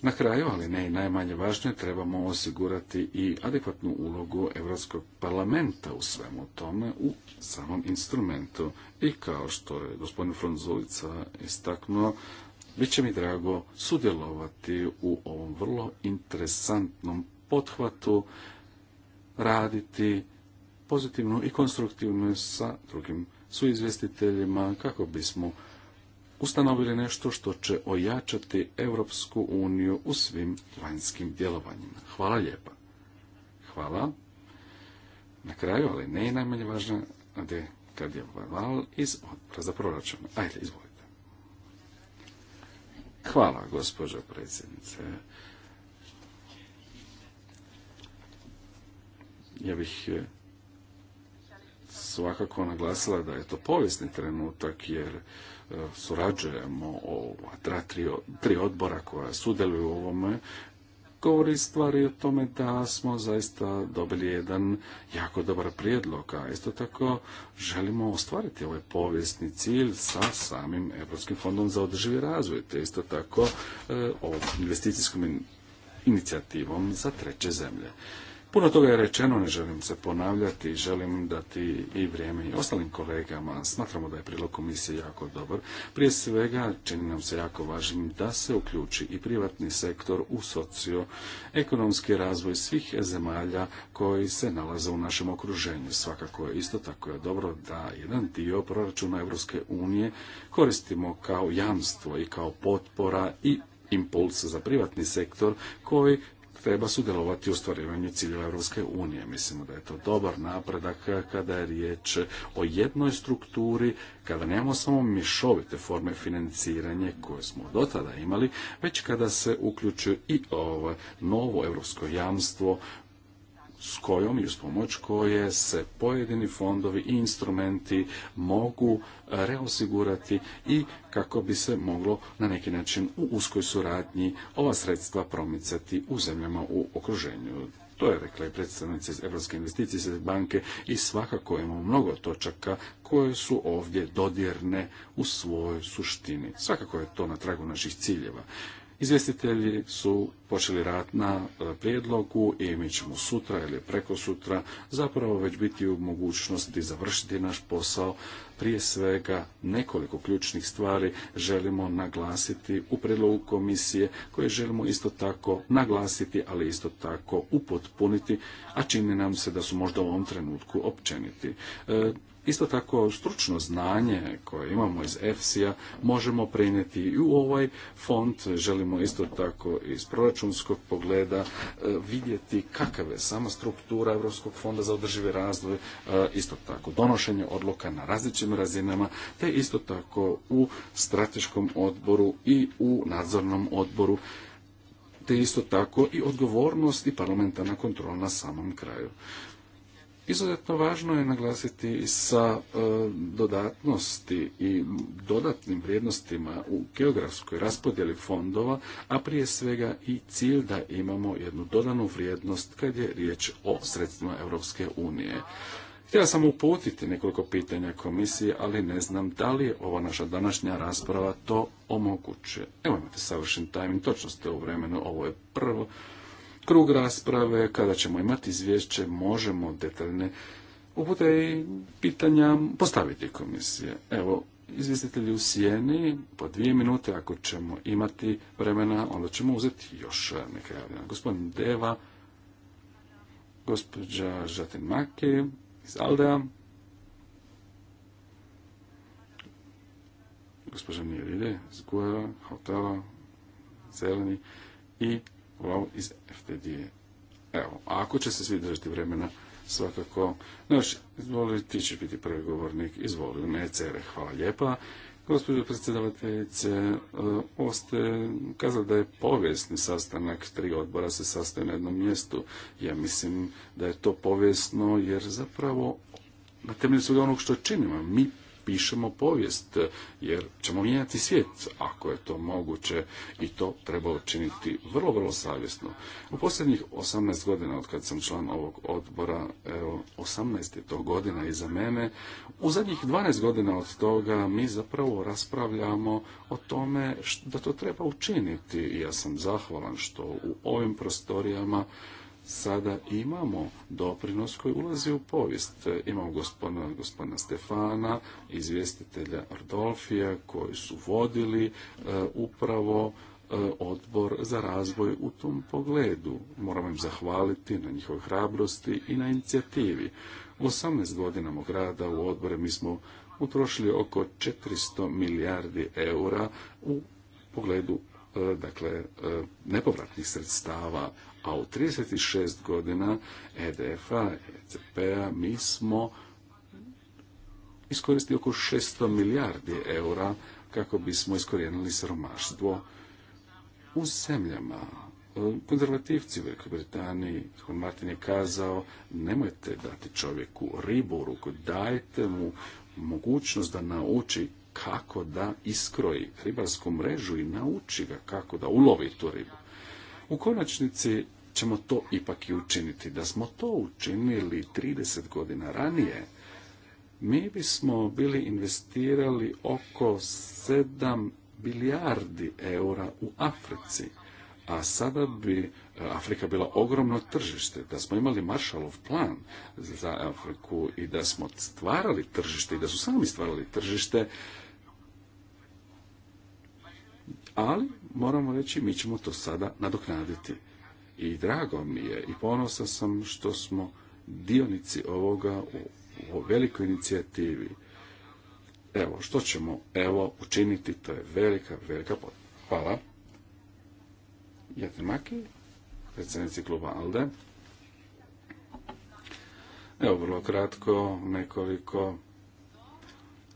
Na kraju, ali ne i najmanje važnije, trebamo osigurati i adekvatnu ulogu Europskog parlamenta u svemu tome, u samom instrumentu. I kao što je gospodin Fronzulica istaknuo, bit će mi drago sudjelovati u ovom vrlo interesantnom pothvatu raditi pozitivno i konstruktivno sa drugim suizvestiteljima, kako bismo ustanovili nešto što će ojačati Europsku uniju u svim vanjskim djelovanjima. Hvala lijepa. Hvala. Na kraju, ali ne i najmanje važno, kad je val iz odbora za proračun. Ajde, izvolite. Hvala, gospođo predsjednice. ja bih eh, svakako naglasila da je to povijesni trenutak jer eh, surađujemo ova tri, tri odbora koja sudjeluju u ovome govori stvari o tome da smo zaista dobili jedan jako dobar prijedlog, a isto tako želimo ostvariti ovaj povijesni cilj sa samim Europskim fondom za održivi razvoj, te isto tako eh, ovom investicijskom inicijativom za treće zemlje. Puno toga je rečeno, ne želim se ponavljati, želim dati i vrijeme i ostalim kolegama. Smatramo da je prilog komisije jako dobar. Prije svega čini nam se jako važnim da se uključi i privatni sektor u socioekonomski razvoj svih zemalja koji se nalaze u našem okruženju. Svakako je isto tako je dobro da jedan dio proračuna Europske unije koristimo kao jamstvo i kao potpora i impuls za privatni sektor koji treba sudjelovati u ostvarivanju ciljeva Europske unije. Mislimo da je to dobar napredak kada je riječ o jednoj strukturi, kada nemamo samo mišovite forme financiranja koje smo do tada imali, već kada se uključuje i ovo novo europsko jamstvo s kojom i s pomoć koje se pojedini fondovi i instrumenti mogu reosigurati i kako bi se moglo na neki način u uskoj suradnji ova sredstva promicati u zemljama u okruženju. To je rekla i predstavnica iz Europske investicijske banke i svakako imamo mnogo točaka koje su ovdje dodirne u svojoj suštini. Svakako je to na tragu naših ciljeva. Izvjestitelji su počeli rad na e, prijedlogu i mi ćemo sutra ili preko sutra zapravo već biti u mogućnosti završiti naš posao. Prije svega nekoliko ključnih stvari želimo naglasiti u prijedlogu komisije koje želimo isto tako naglasiti, ali isto tako upotpuniti, a čini nam se da su možda u ovom trenutku općeniti. E, Isto tako stručno znanje koje imamo iz EFSI-a možemo prenijeti i u ovaj fond. Želimo isto tako iz proračunskog pogleda e, vidjeti kakav je sama struktura Europskog fonda za održivi razvoj, e, isto tako donošenje odluka na različitim razinama, te isto tako u strateškom odboru i u nadzornom odboru te isto tako i odgovornost i parlamentarna kontrola na samom kraju. Izuzetno važno je naglasiti sa e, dodatnosti i dodatnim vrijednostima u geografskoj raspodjeli fondova, a prije svega i cilj da imamo jednu dodanu vrijednost kad je riječ o sredstvima Europske unije. Htjela sam uputiti nekoliko pitanja komisiji, ali ne znam da li je ova naša današnja rasprava to omogućuje. Evo imate savršen tajmin, točno ste u vremenu, ovo je prvo krug rasprave, kada ćemo imati izvješće, možemo detaljne upute i pitanja postaviti komisije. Evo, izvjestitelji u sjeni, po dvije minute, ako ćemo imati vremena, onda ćemo uzeti još neke javljena. Gospodin Deva, gospođa Žatin Maki iz Aldea, gospođa Miride iz Gujeva, Hotela, Zeleni i Wow iz FTD. Evo, ako će se svi držati vremena, svakako, naš, izvoli, ti će biti prvi govornik, izvoli ne cere, Hvala lijepa. Gospođo predsjedavateljice, e, ste kazali da je povijesni sastanak, tri odbora se sastoje na jednom mjestu. Ja mislim da je to povijesno jer zapravo na temelju svega onog što činimo, mi pišemo povijest, e, jer ćemo mijenjati svijet, ako je to moguće, i to treba učiniti vrlo, vrlo savjesno. U posljednjih 18 godina, od kad sam član ovog odbora, evo, 18 je to godina za mene, u zadnjih 12 godina od toga mi zapravo raspravljamo o tome da to treba učiniti. ja sam zahvalan što u ovim prostorijama sada imamo doprinos koji ulazi u povijest. E, imamo gospodina, gospodina Stefana, izvjestitelja Ardolfija koji su vodili e, upravo e, odbor za razvoj u tom pogledu. Moramo im zahvaliti na njihovoj hrabrosti i na inicijativi. U 18 godina grada rada u odbore mi smo utrošili oko 400 milijardi eura u pogledu E, dakle, e, nepovratnih sredstava, a u 36 godina EDF-a, ECP-a, mi smo iskoristili oko 600 milijardi eura kako bismo iskorijenili siromaštvo u zemljama. E, konzervativci u Velikoj Britaniji, Martin je kazao, nemojte dati čovjeku ribu u ruku, dajte mu mogućnost da nauči kako da iskroji ribarsku mrežu i nauči ga kako da ulovi tu ribu. U konačnici ćemo to ipak i učiniti. Da smo to učinili 30 godina ranije, mi bismo bili investirali oko 7 bilijardi eura u Africi, a sada bi Afrika bila ogromno tržište, da smo imali Marshallov plan za Afriku i da smo stvarali tržište i da su sami stvarali tržište, ali moramo reći mi ćemo to sada nadoknaditi. I drago mi je i ponosan sam što smo dionici ovoga u, u velikoj inicijativi. Evo, što ćemo evo učiniti, to je velika, velika potpuna. Hvala. Jete Maki, predsjednici kluba ALDE. Evo, vrlo kratko, nekoliko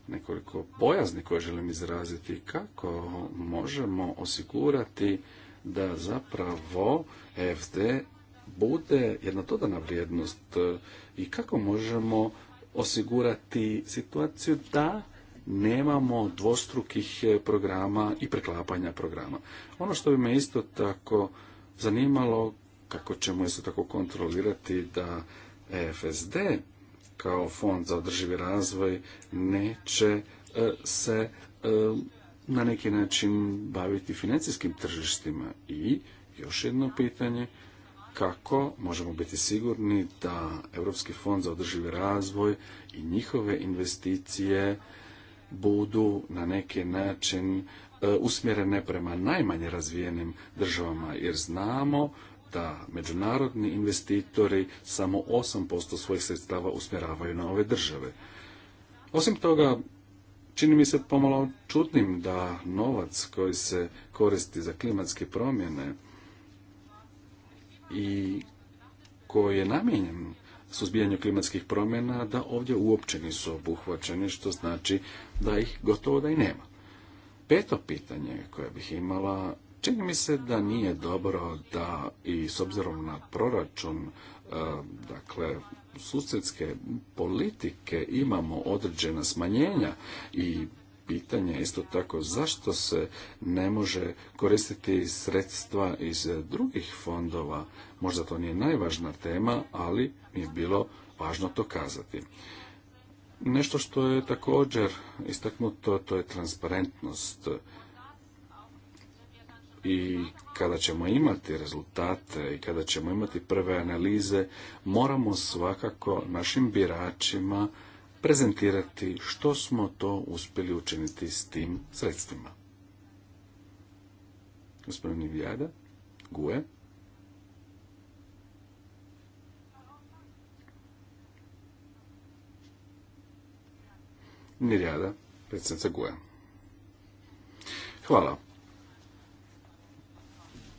nekoliko bojazni koje želim izraziti kako možemo osigurati da zapravo e fd bude jedna dodana vrijednost i kako možemo osigurati situaciju da nemamo dvostrukih programa i preklapanja programa. Ono što bi me isto tako zanimalo kako ćemo isto tako kontrolirati da e FSD kao fond za održivi razvoj neće e, se e, na neki način baviti financijskim tržištima i još jedno pitanje kako možemo biti sigurni da Europski fond za održivi razvoj i njihove investicije budu na neki način e, usmjerene prema najmanje razvijenim državama jer znamo da međunarodni investitori samo 8% svojih sredstava usmjeravaju na ove države. Osim toga, čini mi se pomalo čudnim da novac koji se koristi za klimatske promjene i koji je namijenjen suzbijanju klimatskih promjena, da ovdje uopće nisu obuhvaćeni, što znači da ih gotovo da i nema. Peto pitanje koje bih imala Čini mi se da nije dobro da i s obzirom na proračun, e, dakle, susjedske politike imamo određena smanjenja i pitanje isto tako zašto se ne može koristiti sredstva iz drugih fondova. Možda to nije najvažna tema, ali mi je bilo važno to kazati. Nešto što je također istaknuto, to je transparentnost i kada ćemo imati rezultate i kada ćemo imati prve analize, moramo svakako našim biračima prezentirati što smo to uspjeli učiniti s tim sredstvima. Gospodin Ivljada, Gue. Nirjada, predsjednica Guja. Hvala.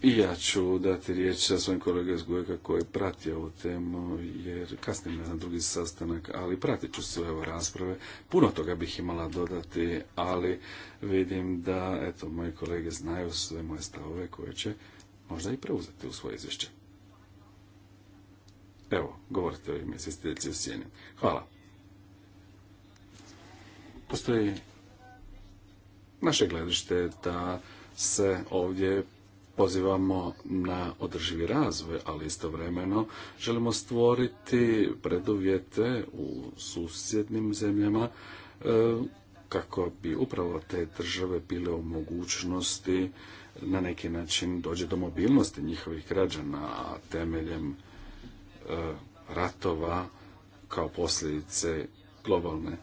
I ja ću dati riječ sa svojim kolega iz Gujeka koji prati ovu temu, jer kasnije na drugi sastanak, ali pratit ću sve ove rasprave. Puno toga bih imala dodati, ali vidim da, eto, moji kolege znaju sve moje stavove koje će možda i preuzeti u svoje izvješće. Evo, govorite o ime izvjestiteljice u Hvala. Postoji naše gledište da se ovdje pozivamo na održivi razvoj, ali istovremeno želimo stvoriti preduvjete u susjednim zemljama e, kako bi upravo te države bile u mogućnosti na neki način dođe do mobilnosti njihovih građana, a temeljem e, ratova kao posljedice globalne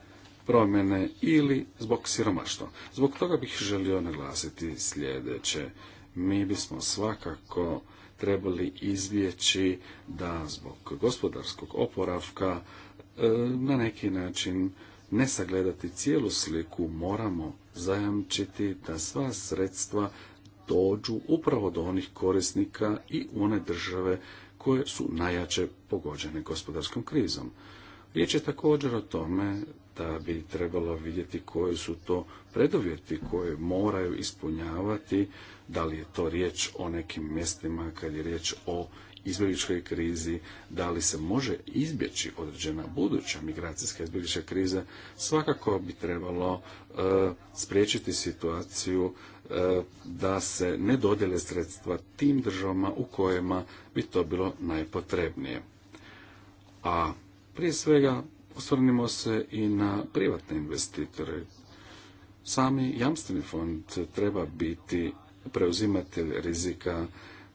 promjene ili zbog siromaštva. Zbog toga bih želio naglasiti sljedeće mi bismo svakako trebali izbjeći da zbog gospodarskog oporavka e, na neki način ne sagledati cijelu sliku, moramo zajamčiti da sva sredstva dođu upravo do onih korisnika i one države koje su najjače pogođene gospodarskom krizom. Riječ je također o tome da bi trebalo vidjeti koji su to preduvjeti koje moraju ispunjavati, da li je to riječ o nekim mjestima kad je riječ o izbjegličkoj krizi, da li se može izbjeći određena buduća migracijska izbjeglička kriza, svakako bi trebalo e, spriječiti situaciju e, da se ne dodjele sredstva tim državama u kojima bi to bilo najpotrebnije. A prije svega, osvrnimo se i na privatne investitore. Sami jamstveni fond treba biti preuzimatelj rizika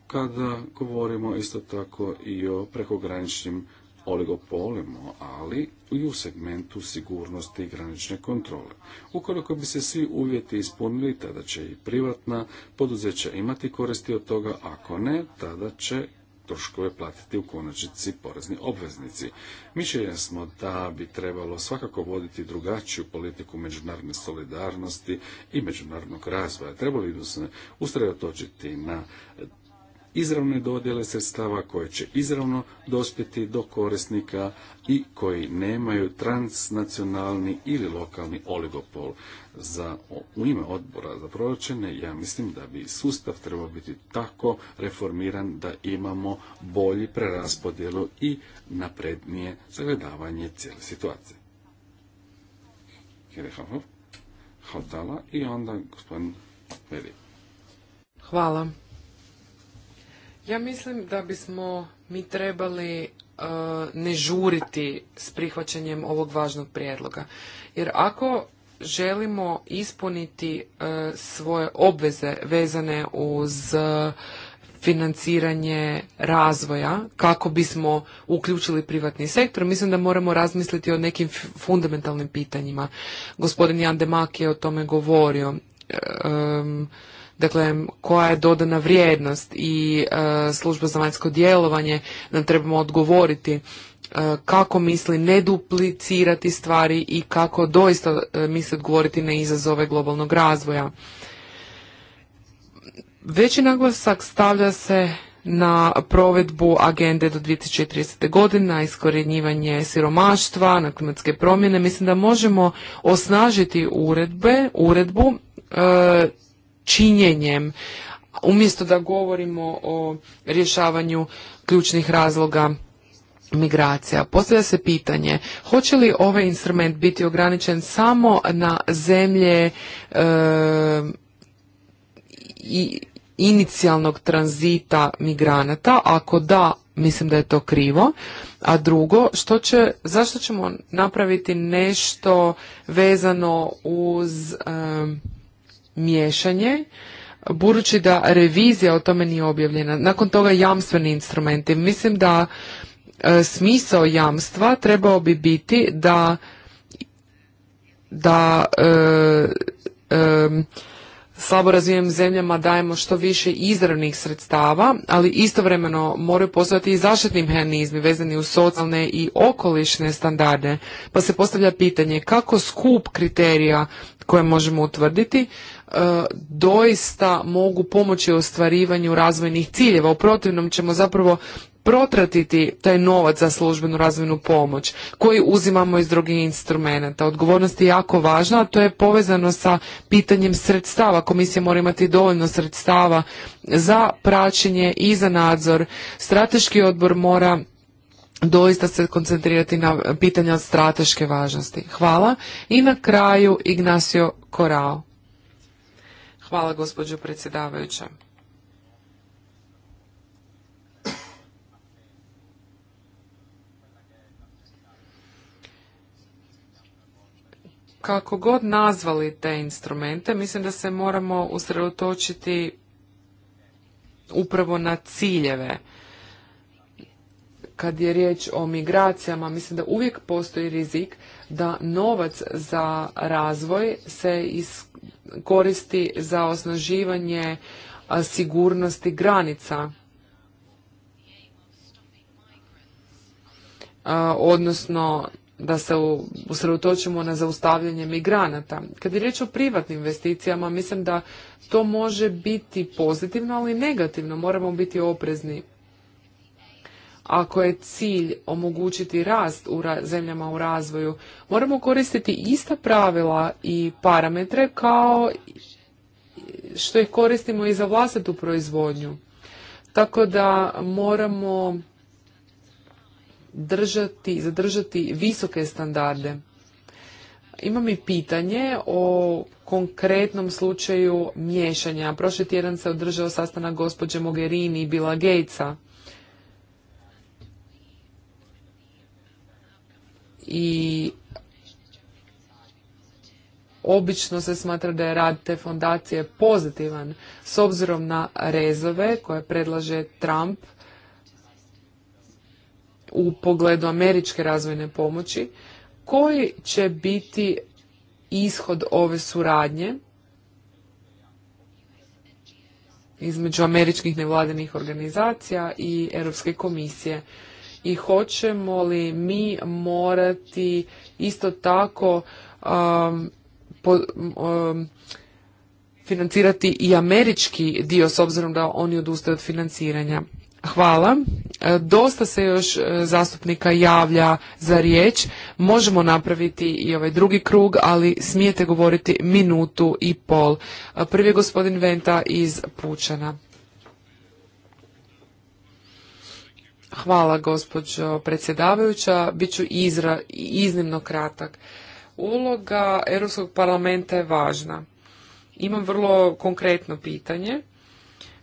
kada govorimo isto tako i o prekograničnim oligopolima, ali i u segmentu sigurnosti i granične kontrole. Ukoliko bi se svi uvjeti ispunili, tada će i privatna poduzeća imati koristi od toga, ako ne, tada će troškove platiti u konačnici porezni obveznici. Mišljenja smo da bi trebalo svakako voditi drugačiju politiku međunarodne solidarnosti i međunarodnog razvoja. Trebalo bi se usredotočiti na izravne dodjele sredstava koje će izravno dospjeti do korisnika i koji nemaju transnacionalni ili lokalni oligopol. Za, u ime odbora za proračune ja mislim da bi sustav trebao biti tako reformiran da imamo bolji preraspodjelu i naprednije zagledavanje cijele situacije. Hvala i onda gospodin Hvala. Ja mislim da bismo mi trebali e, ne žuriti s prihvaćanjem ovog važnog prijedloga. Jer ako želimo ispuniti e, svoje obveze vezane uz e, financiranje razvoja kako bismo uključili privatni sektor, mislim da moramo razmisliti o nekim fundamentalnim pitanjima. Gospodin Jan Demak je o tome govorio um, dakle koja je dodana vrijednost i e, služba za vanjsko djelovanje nam trebamo odgovoriti e, kako misli ne duplicirati stvari i kako doista e, misli odgovoriti na izazove globalnog razvoja. Veći naglasak stavlja se na provedbu agende do 2030. godine, na iskorjenjivanje siromaštva, na klimatske promjene. Mislim da možemo osnažiti uredbe, uredbu činjenjem umjesto da govorimo o rješavanju ključnih razloga migracija. Postavlja se pitanje hoće li ovaj instrument biti ograničen samo na zemlje i inicijalnog tranzita migranata, ako da, mislim da je to krivo. A drugo, što će, zašto ćemo napraviti nešto vezano uz miješanje budući da revizija o tome nije objavljena. Nakon toga jamstveni instrumenti. Mislim da e, smisao jamstva trebao bi biti da da e, e, slabo razvijenim zemljama dajemo što više izravnih sredstava, ali istovremeno moraju postojati i zaštitni mehanizmi vezani uz socijalne i okolišne standarde. Pa se postavlja pitanje kako skup kriterija koje možemo utvrditi E, doista mogu pomoći u ostvarivanju razvojnih ciljeva. U protivnom ćemo zapravo protratiti taj novac za službenu razvojnu pomoć koji uzimamo iz drugih instrumenta. Odgovornost je jako važna, a to je povezano sa pitanjem sredstava. Komisija mora imati dovoljno sredstava za praćenje i za nadzor. Strateški odbor mora doista se koncentrirati na pitanja od strateške važnosti. Hvala. I na kraju Ignacio Korao. Hvala gospođo predsjedavajuća. Kako god nazvali te instrumente, mislim da se moramo usredotočiti upravo na ciljeve kad je riječ o migracijama, mislim da uvijek postoji rizik da novac za razvoj se koristi za osnaživanje sigurnosti granica. Odnosno da se usredotočimo na zaustavljanje migranata. Kad je riječ o privatnim investicijama, mislim da to može biti pozitivno, ali negativno. Moramo biti oprezni ako je cilj omogućiti rast u zemljama u razvoju, moramo koristiti ista pravila i parametre kao što ih koristimo i za vlastitu proizvodnju. Tako da moramo držati, zadržati visoke standarde. Imam i pitanje o konkretnom slučaju miješanja. Prošli tjedan se održao sastanak gospođe Mogherini i Bila Gatesa i obično se smatra da je rad te fondacije pozitivan s obzirom na rezove koje predlaže Trump u pogledu američke razvojne pomoći koji će biti ishod ove suradnje između američkih nevladinih organizacija i Europske komisije i hoćemo li mi morati isto tako um, um, financirati i američki dio s obzirom da oni odustaju od financiranja. Hvala. E, dosta se još e, zastupnika javlja za riječ. Možemo napraviti i ovaj drugi krug, ali smijete govoriti minutu i pol. E, prvi je gospodin Venta iz Pučana. Hvala gospođo predsjedavajuća. Biću izra, iznimno kratak. Uloga Europskog parlamenta je važna. Imam vrlo konkretno pitanje.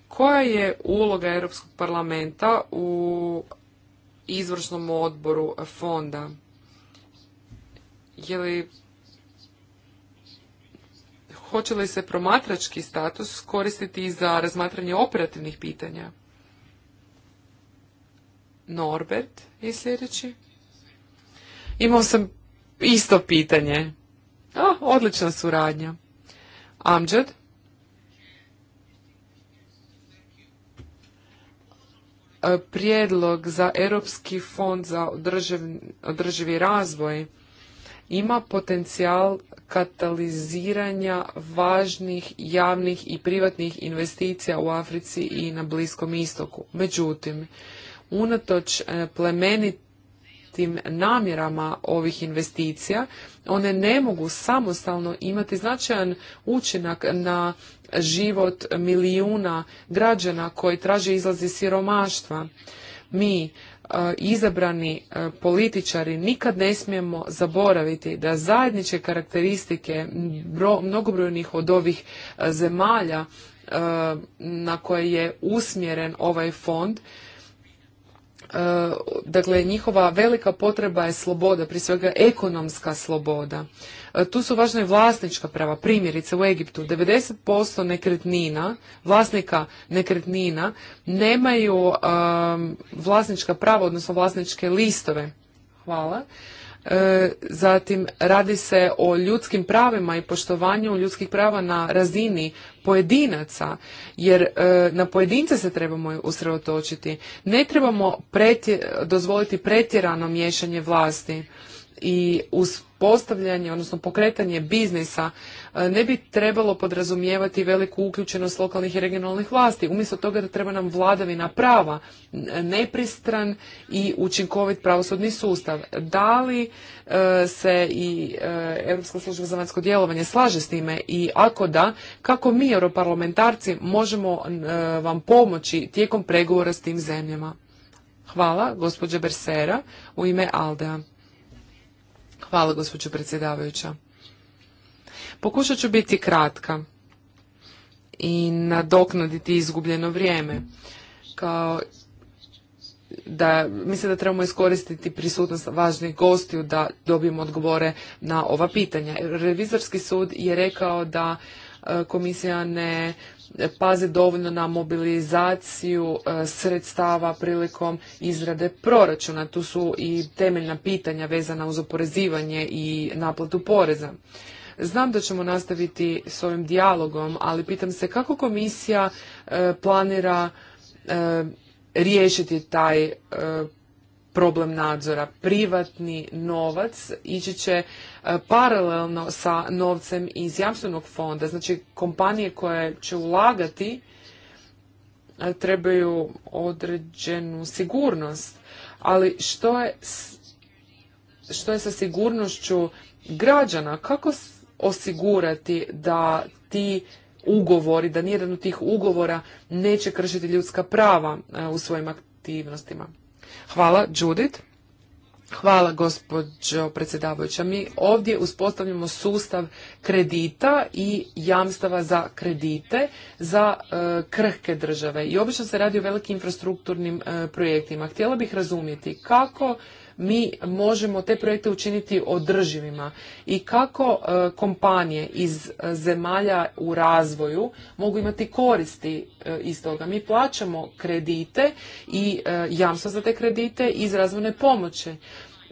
Koja je uloga Europskog parlamenta u izvršnom odboru fonda? Je li hoće li se promatrački status koristiti za razmatranje operativnih pitanja? Norbert je sljedeći. Imao sam isto pitanje. A, odlična suradnja. Amđad? E, prijedlog za Europski fond za održivi razvoj ima potencijal kataliziranja važnih javnih i privatnih investicija u Africi i na Bliskom istoku. Međutim, unatoč e, plemenitim namjerama ovih investicija, one ne mogu samostalno imati značajan učinak na život milijuna građana koji traže izlazi siromaštva. Mi e, izabrani e, političari nikad ne smijemo zaboraviti da zajedničke karakteristike mnogobrojnih od ovih zemalja na koje je usmjeren ovaj fond E, dakle njihova velika potreba je sloboda, prije svega ekonomska sloboda. E, tu su važna i vlasnička prava. Primjerice u Egiptu 90% nekretnina, vlasnika nekretnina nemaju e, vlasnička prava, odnosno vlasničke listove. Hvala. zatim radi se o ljudskim pravima i poštovanju ljudskih prava na razini pojedinaca, jer e, na pojedince se trebamo usredotočiti. Ne trebamo dozvoliti pretjerano miješanje vlasti i uspostavljanje, odnosno pokretanje biznisa e, ne bi trebalo podrazumijevati veliku uključenost lokalnih i regionalnih vlasti. Umjesto toga da treba nam vladavina prava, nepristran i učinkovit pravosudni sustav. Da li e, se i e, Europska služba za vanjsko djelovanje slaže s time i ako da, kako mi europarlamentarci možemo vam pomoći tijekom pregovora s tim zemljama? Hvala, gospođa Bersera, u ime Aldea. Hvala, gospođo predsjedavajuća. Pokušat ću biti kratka i nadoknaditi izgubljeno vrijeme. Kao da mislim da trebamo iskoristiti prisutnost važnih gostiju da dobijemo odgovore na ova pitanja. Revizorski sud je rekao da E, komisija ne pazi dovoljno na mobilizaciju e, sredstava prilikom izrade proračuna. Tu su i temeljna pitanja vezana uz oporezivanje i naplatu poreza. Znam da ćemo nastaviti s ovim dijalogom, ali pitam se kako komisija e, planira riješiti taj problem nadzora. Privatni novac ići će e, paralelno sa novcem iz jamstvenog fonda. Znači kompanije koje će ulagati e, trebaju određenu sigurnost. Ali što je, što je sa sigurnošću građana? Kako osigurati da ti ugovori, da nijedan od tih ugovora neće kršiti ljudska prava e, u svojim aktivnostima? Hvala, Judith. Hvala, gospođo predsjedavajuća. Mi ovdje uspostavljamo sustav kredita i jamstava za kredite za e, krhke države. I obično se radi o velikim infrastrukturnim e, projektima. Htjela bih razumjeti kako mi možemo te projekte učiniti održivima i kako e, kompanije iz e, zemalja u razvoju mogu imati koristi e, iz toga. Mi plaćamo kredite i jamstva za te kredite iz razvojne pomoći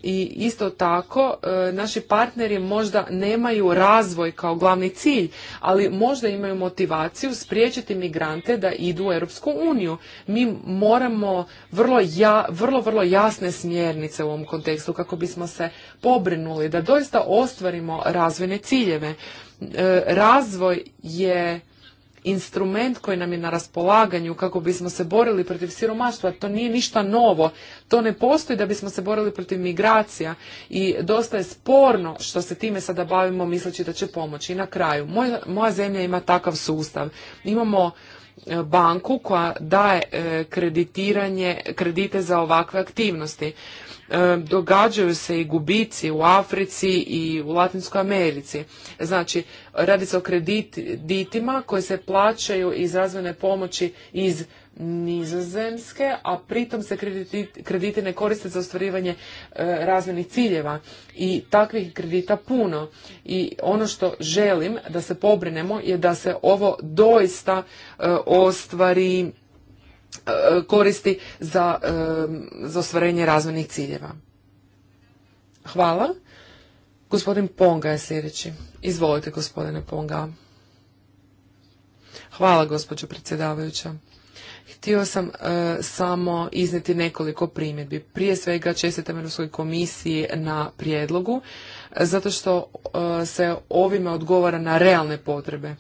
i isto tako e, naši partneri možda nemaju razvoj kao glavni cilj, ali možda imaju motivaciju spriječiti migrante da idu u Europsku uniju. Mi moramo vrlo, ja, vrlo, vrlo jasne smjernice u ovom kontekstu kako bismo se pobrinuli da doista ostvarimo razvojne ciljeve. E, razvoj je instrument koji nam je na raspolaganju kako bismo se borili protiv siromaštva. To nije ništa novo. To ne postoji da bismo se borili protiv migracija i dosta je sporno što se time sada bavimo misleći da će pomoći. I na kraju, moja, zemlja ima takav sustav. Imamo banku koja daje e, kreditiranje, kredite za ovakve aktivnosti. E, događaju se i gubici u Africi i u Latinskoj Americi. Znači, radi se o kreditima koji se plaćaju iz razvojne pomoći iz nizozemske, a pritom se krediti, ne koriste za ostvarivanje e, razvojnih ciljeva i takvih kredita puno. I ono što želim da se pobrinemo je da se ovo doista e, ostvari e, koristi za, za ostvarenje razvojnih ciljeva. Hvala. Gospodin Ponga je sljedeći. Izvolite gospodine Ponga. Hvala gospođo predsjedavajuća. Htio sam e, samo izneti nekoliko primjedbi. Prije svega čestitam Europskoj komisiji na prijedlogu, e, zato što e, se ovime odgovara na realne potrebe.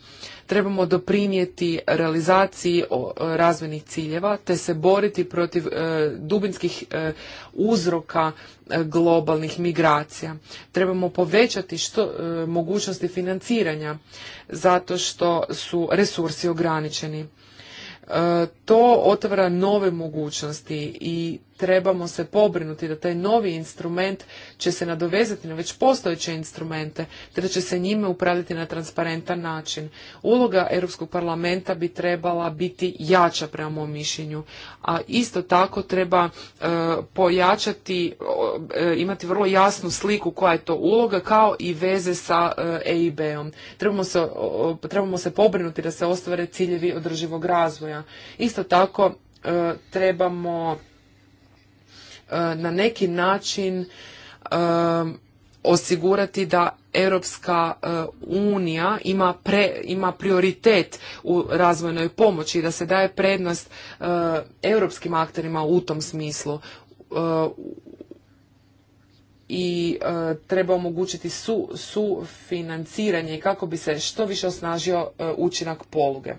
Trebamo doprinijeti realizaciji razvojnih ciljeva, te se boriti protiv dubinskih uzroka globalnih migracija. Trebamo povećati što, mogućnosti financiranja, zato što su resursi ograničeni E, to otvara nove mogućnosti i trebamo se pobrinuti da taj novi instrument će se nadovezati na već postojeće instrumente, te da će se njime upravljati na transparentan način. Uloga Europskog parlamenta bi trebala biti jača prema mom mišljenju, a isto tako treba e, pojačati, e, imati vrlo jasnu sliku koja je to uloga kao i veze sa eIBom. E EIB-om. Trebamo se, trebamo se pobrinuti da se ostvare ciljevi održivog razvoja. Isto tako trebamo E, na neki način e, osigurati da Europska e, unija ima, ima prioritet u razvojnoj pomoći i da se daje prednost europskim akterima u tom smislu i e, treba omogućiti su, sufinanciranje kako bi se što više osnažio e, učinak poluge.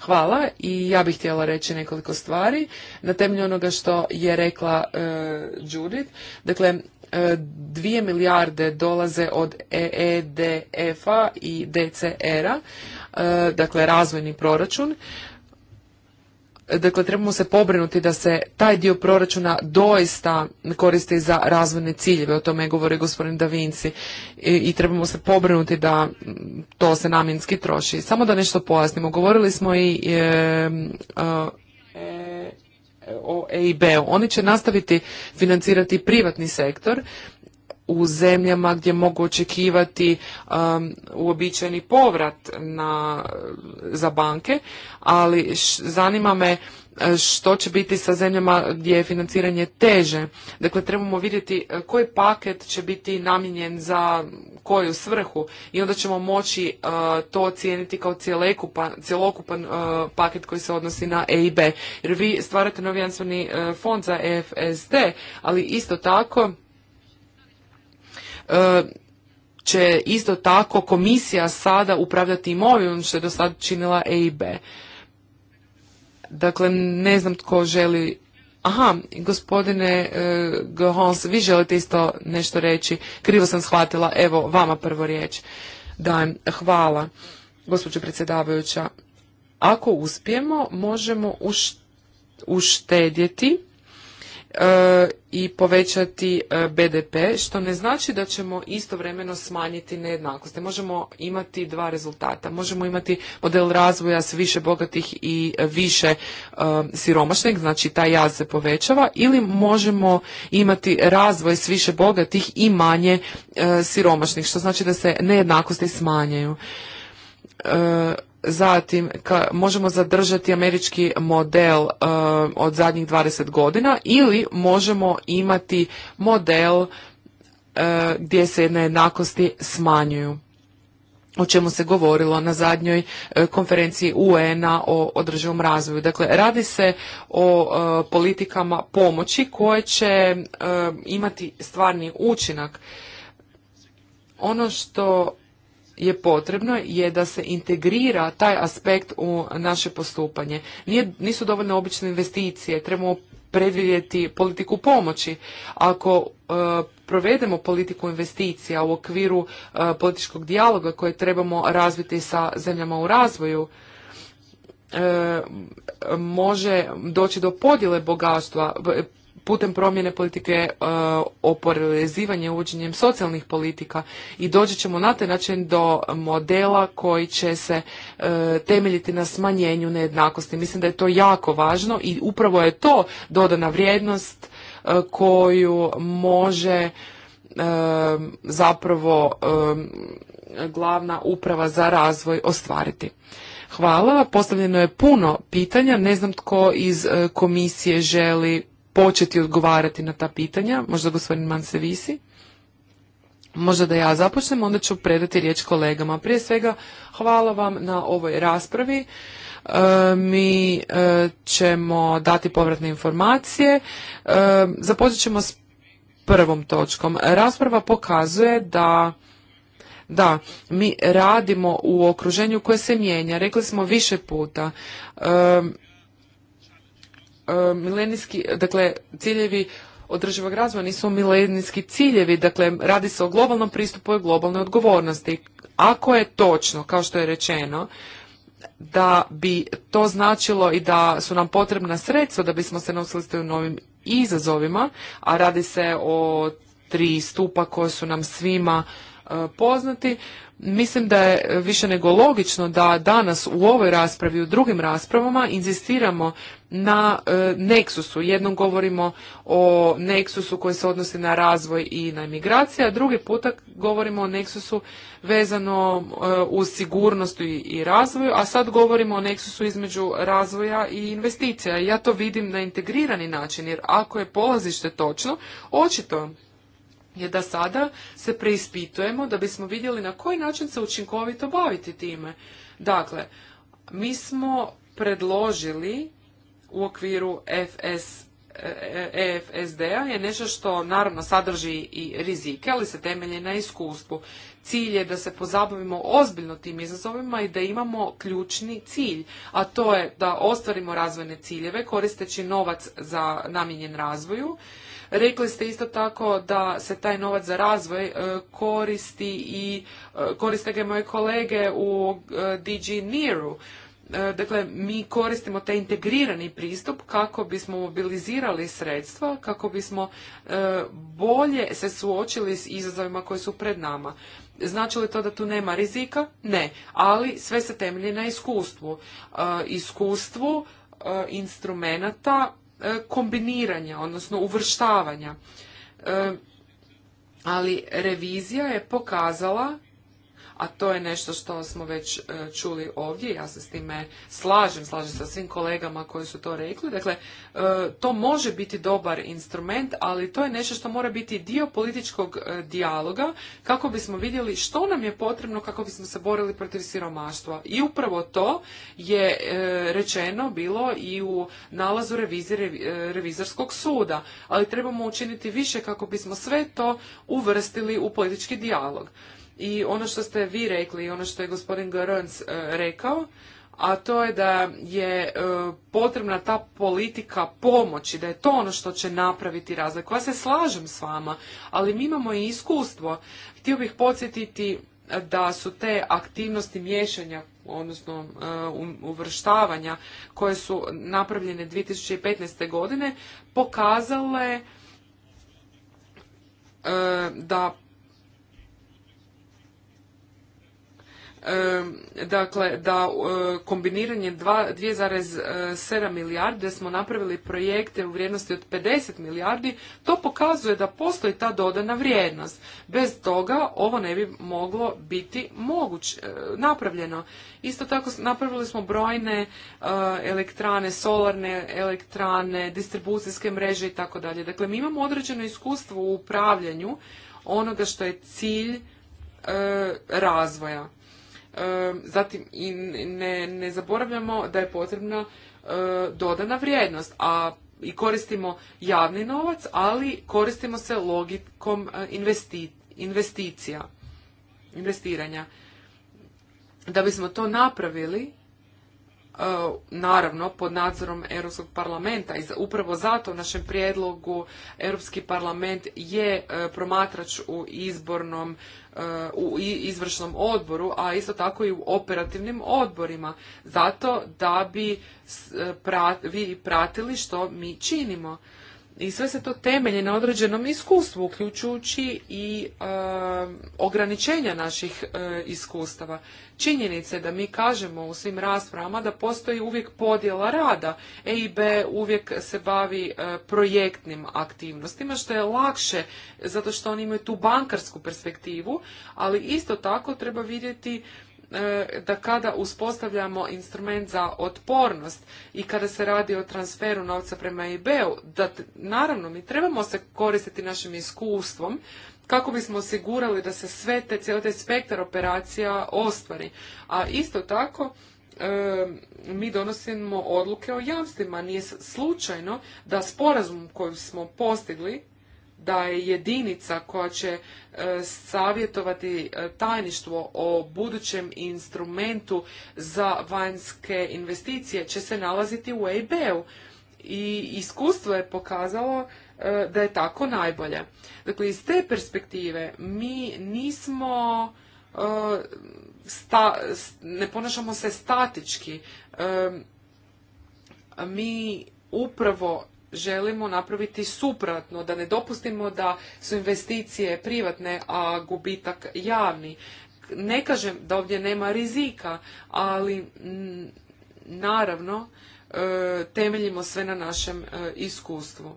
Hvala i ja bih htjela reći nekoliko stvari na temelju onoga što je rekla e, Judith. Dakle, dvije milijarde dolaze od EEDF-a i DCR-a, dakle razvojni proračun. Dakle, trebamo se pobrinuti da se taj dio proračuna doista koristi za razvojne ciljeve, o tome govori gospodin Da Vinci, I, trebamo se pobrinuti da to se namjenski troši. Samo da nešto pojasnimo, govorili smo i e, o EIB-u. Oni će nastaviti financirati privatni sektor, u zemljama gdje mogu očekivati um, uobičajeni povrat na, za banke, ali š, zanima me e, što će biti sa zemljama gdje je financiranje teže. Dakle, trebamo vidjeti e, koji paket će biti namijenjen za koju svrhu i onda ćemo moći e, to ocijeniti kao cjelokupan, cjelokupan paket koji se odnosi na EIB. Jer vi stvarate novi fond za EFSD, ali isto tako E, će isto tako komisija sada upravljati imovinom što je do sada činila B. Dakle, ne znam tko želi... Aha, gospodine uh, vi želite isto nešto reći. Krivo sam shvatila. Evo, vama prvo riječ dajem. Hvala, gospođo predsjedavajuća. Ako uspijemo, možemo uštedjeti E, i povećati e, BDP, što ne znači da ćemo istovremeno smanjiti nejednakosti. Možemo imati dva rezultata. Možemo imati model razvoja s više bogatih i više e, siromašnih, znači taj jaz se povećava, ili možemo imati razvoj s više bogatih i manje siromašnih, što znači da se nejednakosti smanjaju. Zatim, možemo zadržati američki model e, od zadnjih 20 godina ili možemo imati model e, gdje se nejednakosti smanjuju. O čemu se govorilo na zadnjoj e, konferenciji UN-a o održivom razvoju. Dakle, radi se o politikama pomoći koje će imati stvarni učinak. Ono što je potrebno je da se integrira taj aspekt u naše postupanje. Nije, nisu dovoljne obične investicije, trebamo predvidjeti politiku pomoći. Ako e, provedemo politiku investicija u okviru e, političkog dijaloga koje trebamo razviti sa zemljama u razvoju, e, može doći do podjele bogatstva, putem promjene politike e, oporezivanje uvođenjem socijalnih politika i doći ćemo na taj način do modela koji će se e, temeljiti na smanjenju nejednakosti. Mislim da je to jako važno i upravo je to dodana vrijednost e, koju može zapravo glavna uprava za razvoj ostvariti. Hvala. Postavljeno je puno pitanja. Ne znam tko iz komisije želi početi odgovarati na ta pitanja, možda gospodin visi. Možda da ja započnem, onda ću predati riječ kolegama. Prije svega, hvala vam na ovoj raspravi. E, mi e, ćemo dati povratne informacije. E, započet ćemo s prvom točkom. Rasprava pokazuje da da, mi radimo u okruženju koje se mijenja, rekli smo više puta. E, milenijski, dakle ciljevi održivog razvoja nisu milenijski ciljevi, dakle radi se o globalnom pristupu i globalnoj odgovornosti. Ako je točno, kao što je rečeno, da bi to značilo i da su nam potrebna sredstva da bismo se nosili s novim izazovima, a radi se o tri stupa koje su nam svima E, poznati. Mislim da je više nego logično da danas u ovoj raspravi u drugim raspravama inzistiramo na e, neksusu. Jednom govorimo o neksusu koji se odnosi na razvoj i na migracije, a drugi puta govorimo o neksusu vezano e, uz sigurnost i razvoju, a sad govorimo o neksusu između razvoja i investicija. Ja to vidim na integrirani način, jer ako je polazište točno, očito je da sada se preispitujemo da bismo vidjeli na koji način se učinkovito baviti time. Dakle, mi smo predložili u okviru FS e, e a je nešto što naravno sadrži i rizike, ali se temelji na iskustvu. Cilj je da se pozabavimo ozbiljno tim izazovima i da imamo ključni cilj, a to je da ostvarimo razvojne ciljeve koristeći novac za namijenjen razvoju Rekli ste isto tako da se taj novac za razvoj e, koristi i e, koriste ga moje kolege u e, DG Niru. Dakle, mi koristimo taj integrirani pristup kako bismo mobilizirali sredstva, kako bismo bolje se suočili s izazovima koji su pred nama. Znači li to da tu nema rizika? Ne, ali sve se temelji na iskustvu. Iskustvu instrumenata E, kombiniranja, odnosno uvrštavanja. E, ali revizija je pokazala a to je nešto što smo već e, čuli ovdje, ja se s time slažem, slažem sa svim kolegama koji su to rekli, dakle, e, to može biti dobar instrument, ali to je nešto što mora biti dio političkog e, dijaloga kako bismo vidjeli što nam je potrebno kako bismo se borili protiv siromaštva. I upravo to je rečeno bilo i u nalazu revizije revizorskog suda, ali trebamo učiniti više kako bismo sve to uvrstili u politički dijalog i ono što ste vi rekli i ono što je gospodin Garons e, rekao, a to je da je e, potrebna ta politika pomoći, da je to ono što će napraviti razliku. Ja se slažem s vama, ali mi imamo i iskustvo. Htio bih podsjetiti da su te aktivnosti miješanja odnosno e, um, uvrštavanja koje su napravljene 2015. godine pokazale da dakle da e, kombiniranje 2,7 milijarde smo napravili projekte u vrijednosti od 50 milijardi, to pokazuje da postoji ta dodana vrijednost. Bez toga ovo ne bi moglo biti moguće, napravljeno. Isto tako napravili smo brojne e, elektrane, solarne elektrane, distribucijske mreže i tako dalje. Dakle, mi imamo određeno iskustvo u upravljanju onoga što je cilj e, razvoja zatim i ne, ne zaboravljamo da je potrebna eh, dodana vrijednost, a i koristimo javni novac, ali koristimo se logikom eh, investicija, investiranja. Da bismo to napravili, E, naravno pod nadzorom Europskog parlamenta i upravo zato u našem prijedlogu Europski parlament je e, promatrač u izbornom e, u izvršnom odboru, a isto tako i u operativnim odborima, zato da bi vi pratili što mi činimo. I sve se to temelji na određenom iskustvu, uključujući i e, ograničenja naših e, iskustava. Činjenica je da mi kažemo u svim raspravama da postoji uvijek podjela rada. EIB uvijek se bavi e, projektnim aktivnostima, što je lakše zato što oni imaju tu bankarsku perspektivu, ali isto tako treba vidjeti E, da kada uspostavljamo instrument za otpornost i kada se radi o transferu novca prema ib u da naravno mi trebamo se koristiti našim iskustvom kako bismo osigurali da se sve te, cijeli taj spektar operacija ostvari. A isto tako, e, mi donosimo odluke o jamstvima. Nije slučajno da sporazum koji smo postigli da je jedinica koja će e, savjetovati e, tajništvo o budućem instrumentu za vanjske investicije će se nalaziti u EIB-u i iskustvo je pokazalo e, da je tako najbolje. Dakle, iz te perspektive mi nismo ne ponašamo se statički. mi upravo želimo napraviti suprotno, da ne dopustimo da su investicije privatne, a gubitak javni. Ne kažem da ovdje nema rizika, ali naravno e, temeljimo sve na našem e, iskustvu.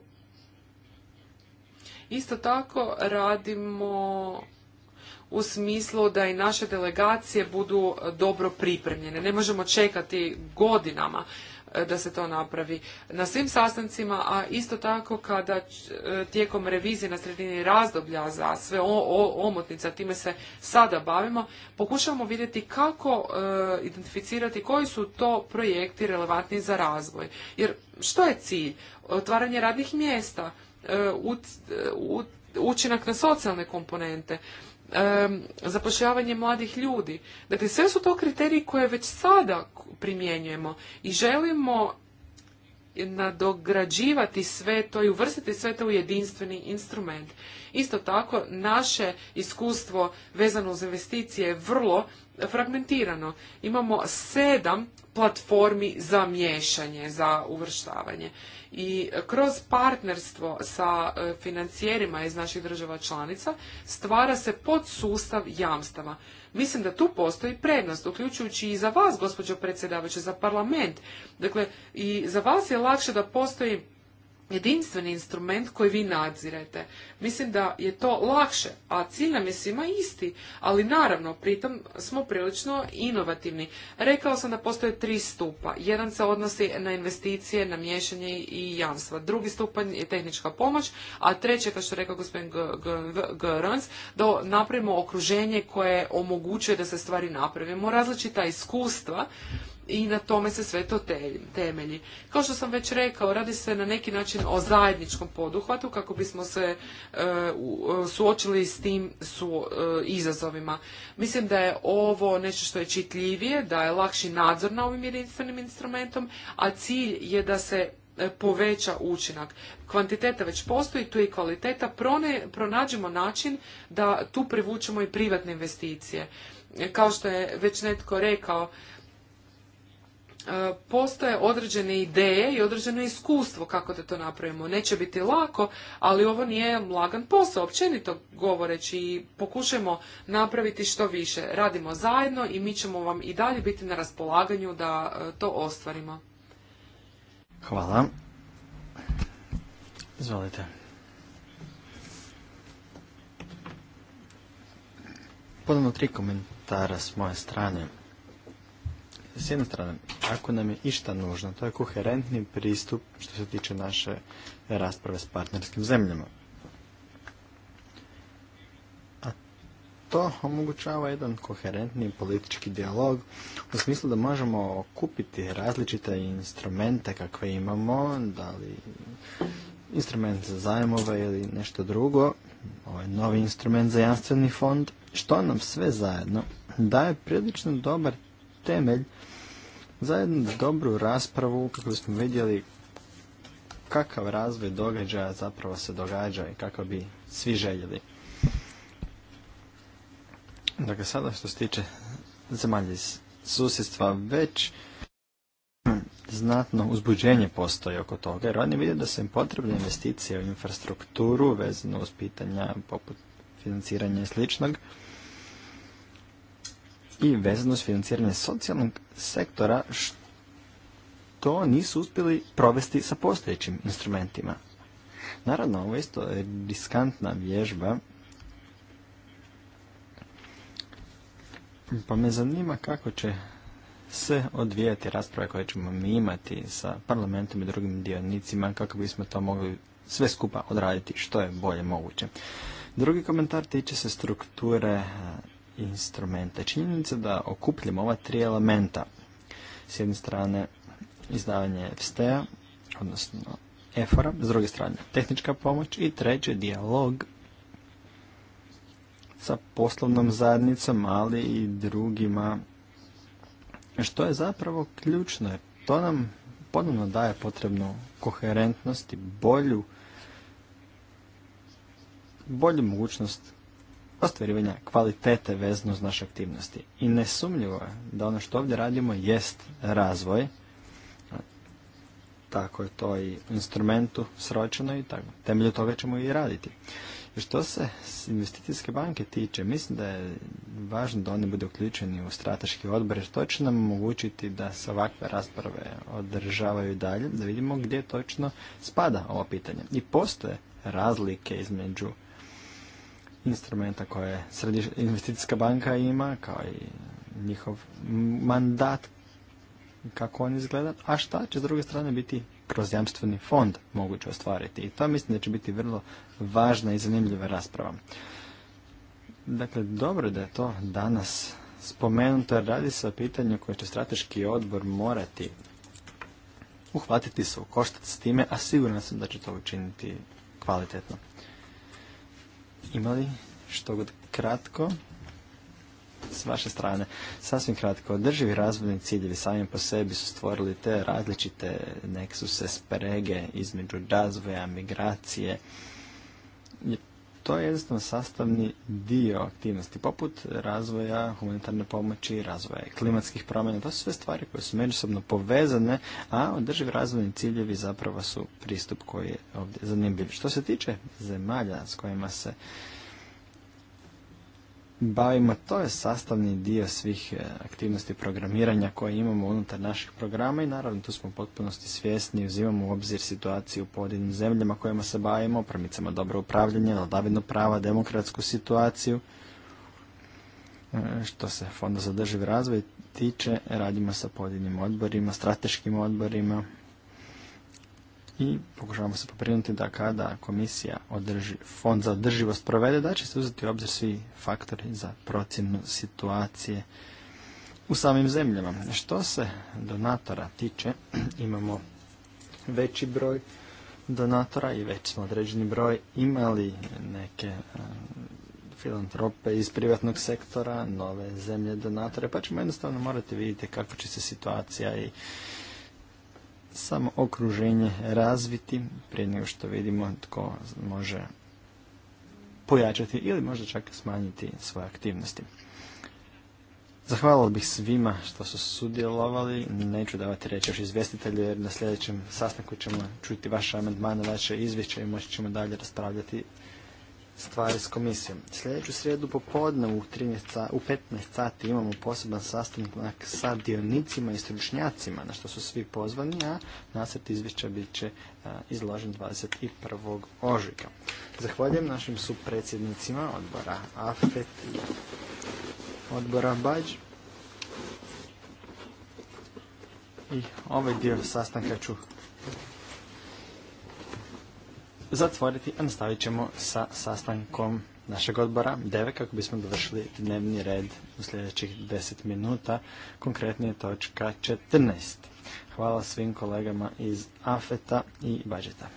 Isto tako radimo u smislu da i naše delegacije budu dobro pripremljene. Ne možemo čekati godinama. E, da se to napravi na svim sastancima, a isto tako kada e, tijekom revizije na sredini razdoblja za sve o, o, omotnica, time se sada bavimo, pokušavamo vidjeti kako e, identificirati koji su to projekti relevantni za razvoj. Jer što je cilj? Otvaranje radnih mjesta, učinak na socijalne komponente zapošljavanje mladih ljudi. Dakle, sve su to kriteriji koje već sada primjenjujemo i želimo nadograđivati sve to i uvrstiti sve to u jedinstveni instrument. Isto tako, naše iskustvo vezano uz investicije je vrlo fragmentirano. Imamo sedam platformi za miješanje, za uvrštavanje. I kroz partnerstvo sa e, financijerima iz naših država članica stvara se podsustav jamstava. Mislim da tu postoji prednost, uključujući i za vas, gospođo predsjedavajuća, za parlament. Dakle, i za vas je lakše da postoji jedinstveni instrument koji vi nadzirete. Mislim da je to lakše, a cilj nam je svima isti, ali naravno, pritom smo prilično inovativni. Rekao sam da postoje tri stupa. Jedan se odnosi na investicije, na miješanje i jamstva. Drugi stupanj je tehnička pomoć, a treće, kao što je rekao gospodin Grans, da napravimo okruženje koje omogućuje da se stvari napravimo. različita iskustva i na tome se sve to temelji. Kao što sam već rekao, radi se na neki način o zajedničkom poduhvatu kako bismo se e, e, suočili s tim e, izazovima. Mislim da je ovo nešto što je čitljivije, da je lakši nadzor na ovim jedinstvenim instrumentom, a cilj je da se poveća učinak. Kvantiteta već postoji, tu i kvaliteta. pronađemo način da tu privučemo i privatne investicije. Kao što je već netko rekao, E, postoje određene ideje i određeno iskustvo kako da to napravimo. Neće biti lako, ali ovo nije lagan posao, općenito govoreći i pokušajmo napraviti što više. Radimo zajedno i mi ćemo vam i dalje biti na raspolaganju da e, to ostvarimo. Hvala. Izvolite. Podano tri komentara s moje strane. S jedne strane, ako nam je išta nužno, to je koherentni pristup što se tiče naše rasprave s partnerskim zemljama. A to omogućava jedan koherentni politički dijalog u smislu da možemo okupiti različite instrumente kakve imamo, da li instrument za zajmove ili nešto drugo, ovaj novi instrument za jamstveni fond, što nam sve zajedno daje prilično dobar temelj za jednu dobru raspravu kako smo vidjeli kakav razvoj događaja zapravo se događa i kako bi svi željeli. Dakle, sada što se tiče zemalja susjedstva, već znatno uzbuđenje postoji oko toga, jer oni vide da su im potrebne investicije u infrastrukturu vezano uz pitanja poput financiranja i sličnog i vezano s financiranje socijalnog sektora što nisu uspjeli provesti sa postojećim instrumentima. Naravno, ovo isto je diskantna vježba Pa me zanima kako će se odvijati rasprave koje ćemo mi imati sa parlamentom i drugim dionicima kako bismo to mogli sve skupa odraditi što je bolje moguće. Drugi komentar tiče se strukture instrumente. Činjenica da okupljamo ova tri elementa. S jedne strane izdavanje FSTEA, odnosno EFORA, s druge strane tehnička pomoć i treće dijalog sa poslovnom zajednicom, ali i drugima. Što je zapravo ključno, to nam ponovno daje potrebnu koherentnost i bolju, bolju mogućnost ostvarivanja kvalitete vezno uz naše aktivnosti. I nesumljivo je da ono što ovdje radimo jest razvoj, tako je to i instrumentu sročeno i tako. Temelju toga ćemo i raditi. I što se investicijske banke tiče, mislim da je važno da oni budu uključeni u strateški odbor, jer to će nam omogućiti da se ovakve rasprave održavaju dalje, da vidimo gdje točno spada ovo pitanje. I postoje razlike između instrumenta koje investicijska banka ima, kao i njihov mandat, kako on izgleda, a šta će s druge strane biti kroz jamstveni fond moguće ostvariti. I to mislim da će biti vrlo važna i zanimljiva rasprava. Dakle, dobro da je to danas spomenuto, jer radi se o pitanju koje će strateški odbor morati uhvatiti se u koštac s time, a siguran sam da će to učiniti kvalitetno imali što god kratko s vaše strane. Sasvim kratko, održivi razvojni ciljevi sami po sebi su stvorili te različite neksuse sprege između razvoja, migracije, to je jednostavno sastavni dio aktivnosti, poput razvoja humanitarne pomoći, razvoja klimatskih promjena. To su sve stvari koje su međusobno povezane, a održivi razvojni ciljevi zapravo su pristup koji je ovdje zanimljiv. Što se tiče zemalja s kojima se bavimo, to je sastavni dio svih e, aktivnosti programiranja koje imamo unutar naših programa i naravno tu smo u potpunosti svjesni, uzimamo u obzir situaciju u pojedinim zemljama kojima se bavimo, promicamo dobro upravljanje, vladavinu prava, demokratsku situaciju. E, što se Fonda za održivi razvoj tiče, radimo sa pojedinim odborima, strateškim odborima, i pokušavamo se poprinuti da kada komisija održi, fond za održivost provede, da će se uzeti u obzir svi faktori za procjenu situacije u samim zemljama. Što se donatora tiče, imamo veći broj donatora i već smo određeni broj imali neke eh, filantrope iz privatnog sektora, nove zemlje donatore, pa ćemo jednostavno morati vidjeti kako će se situacija i samo okruženje razviti prije nego što vidimo tko može pojačati ili možda čak smanjiti svoje aktivnosti. Zahvalio bih svima što su sudjelovali. Neću davati reći još izvjestitelju jer na sljedećem sastanku ćemo čuti vaše amandmane, vaše izvješće i moći ćemo dalje raspravljati stvari s komisijom. Sljedeću srijedu popodne u, 13, u 15 sati imamo poseban sastanak sa dionicima i stručnjacima, na što su svi pozvani, a nasret izvješća bit će izložen 21. ožujka. Zahvaljujem našim supredsjednicima odbora AFET i odbora BAđ. I ovaj dio sastanka ću zatvoriti, a nastavit ćemo sa sastankom našeg odbora 9 kako bismo dovršili dnevni red u sljedećih 10 minuta, konkretnije točka 14. Hvala svim kolegama iz AFETA i Bađeta.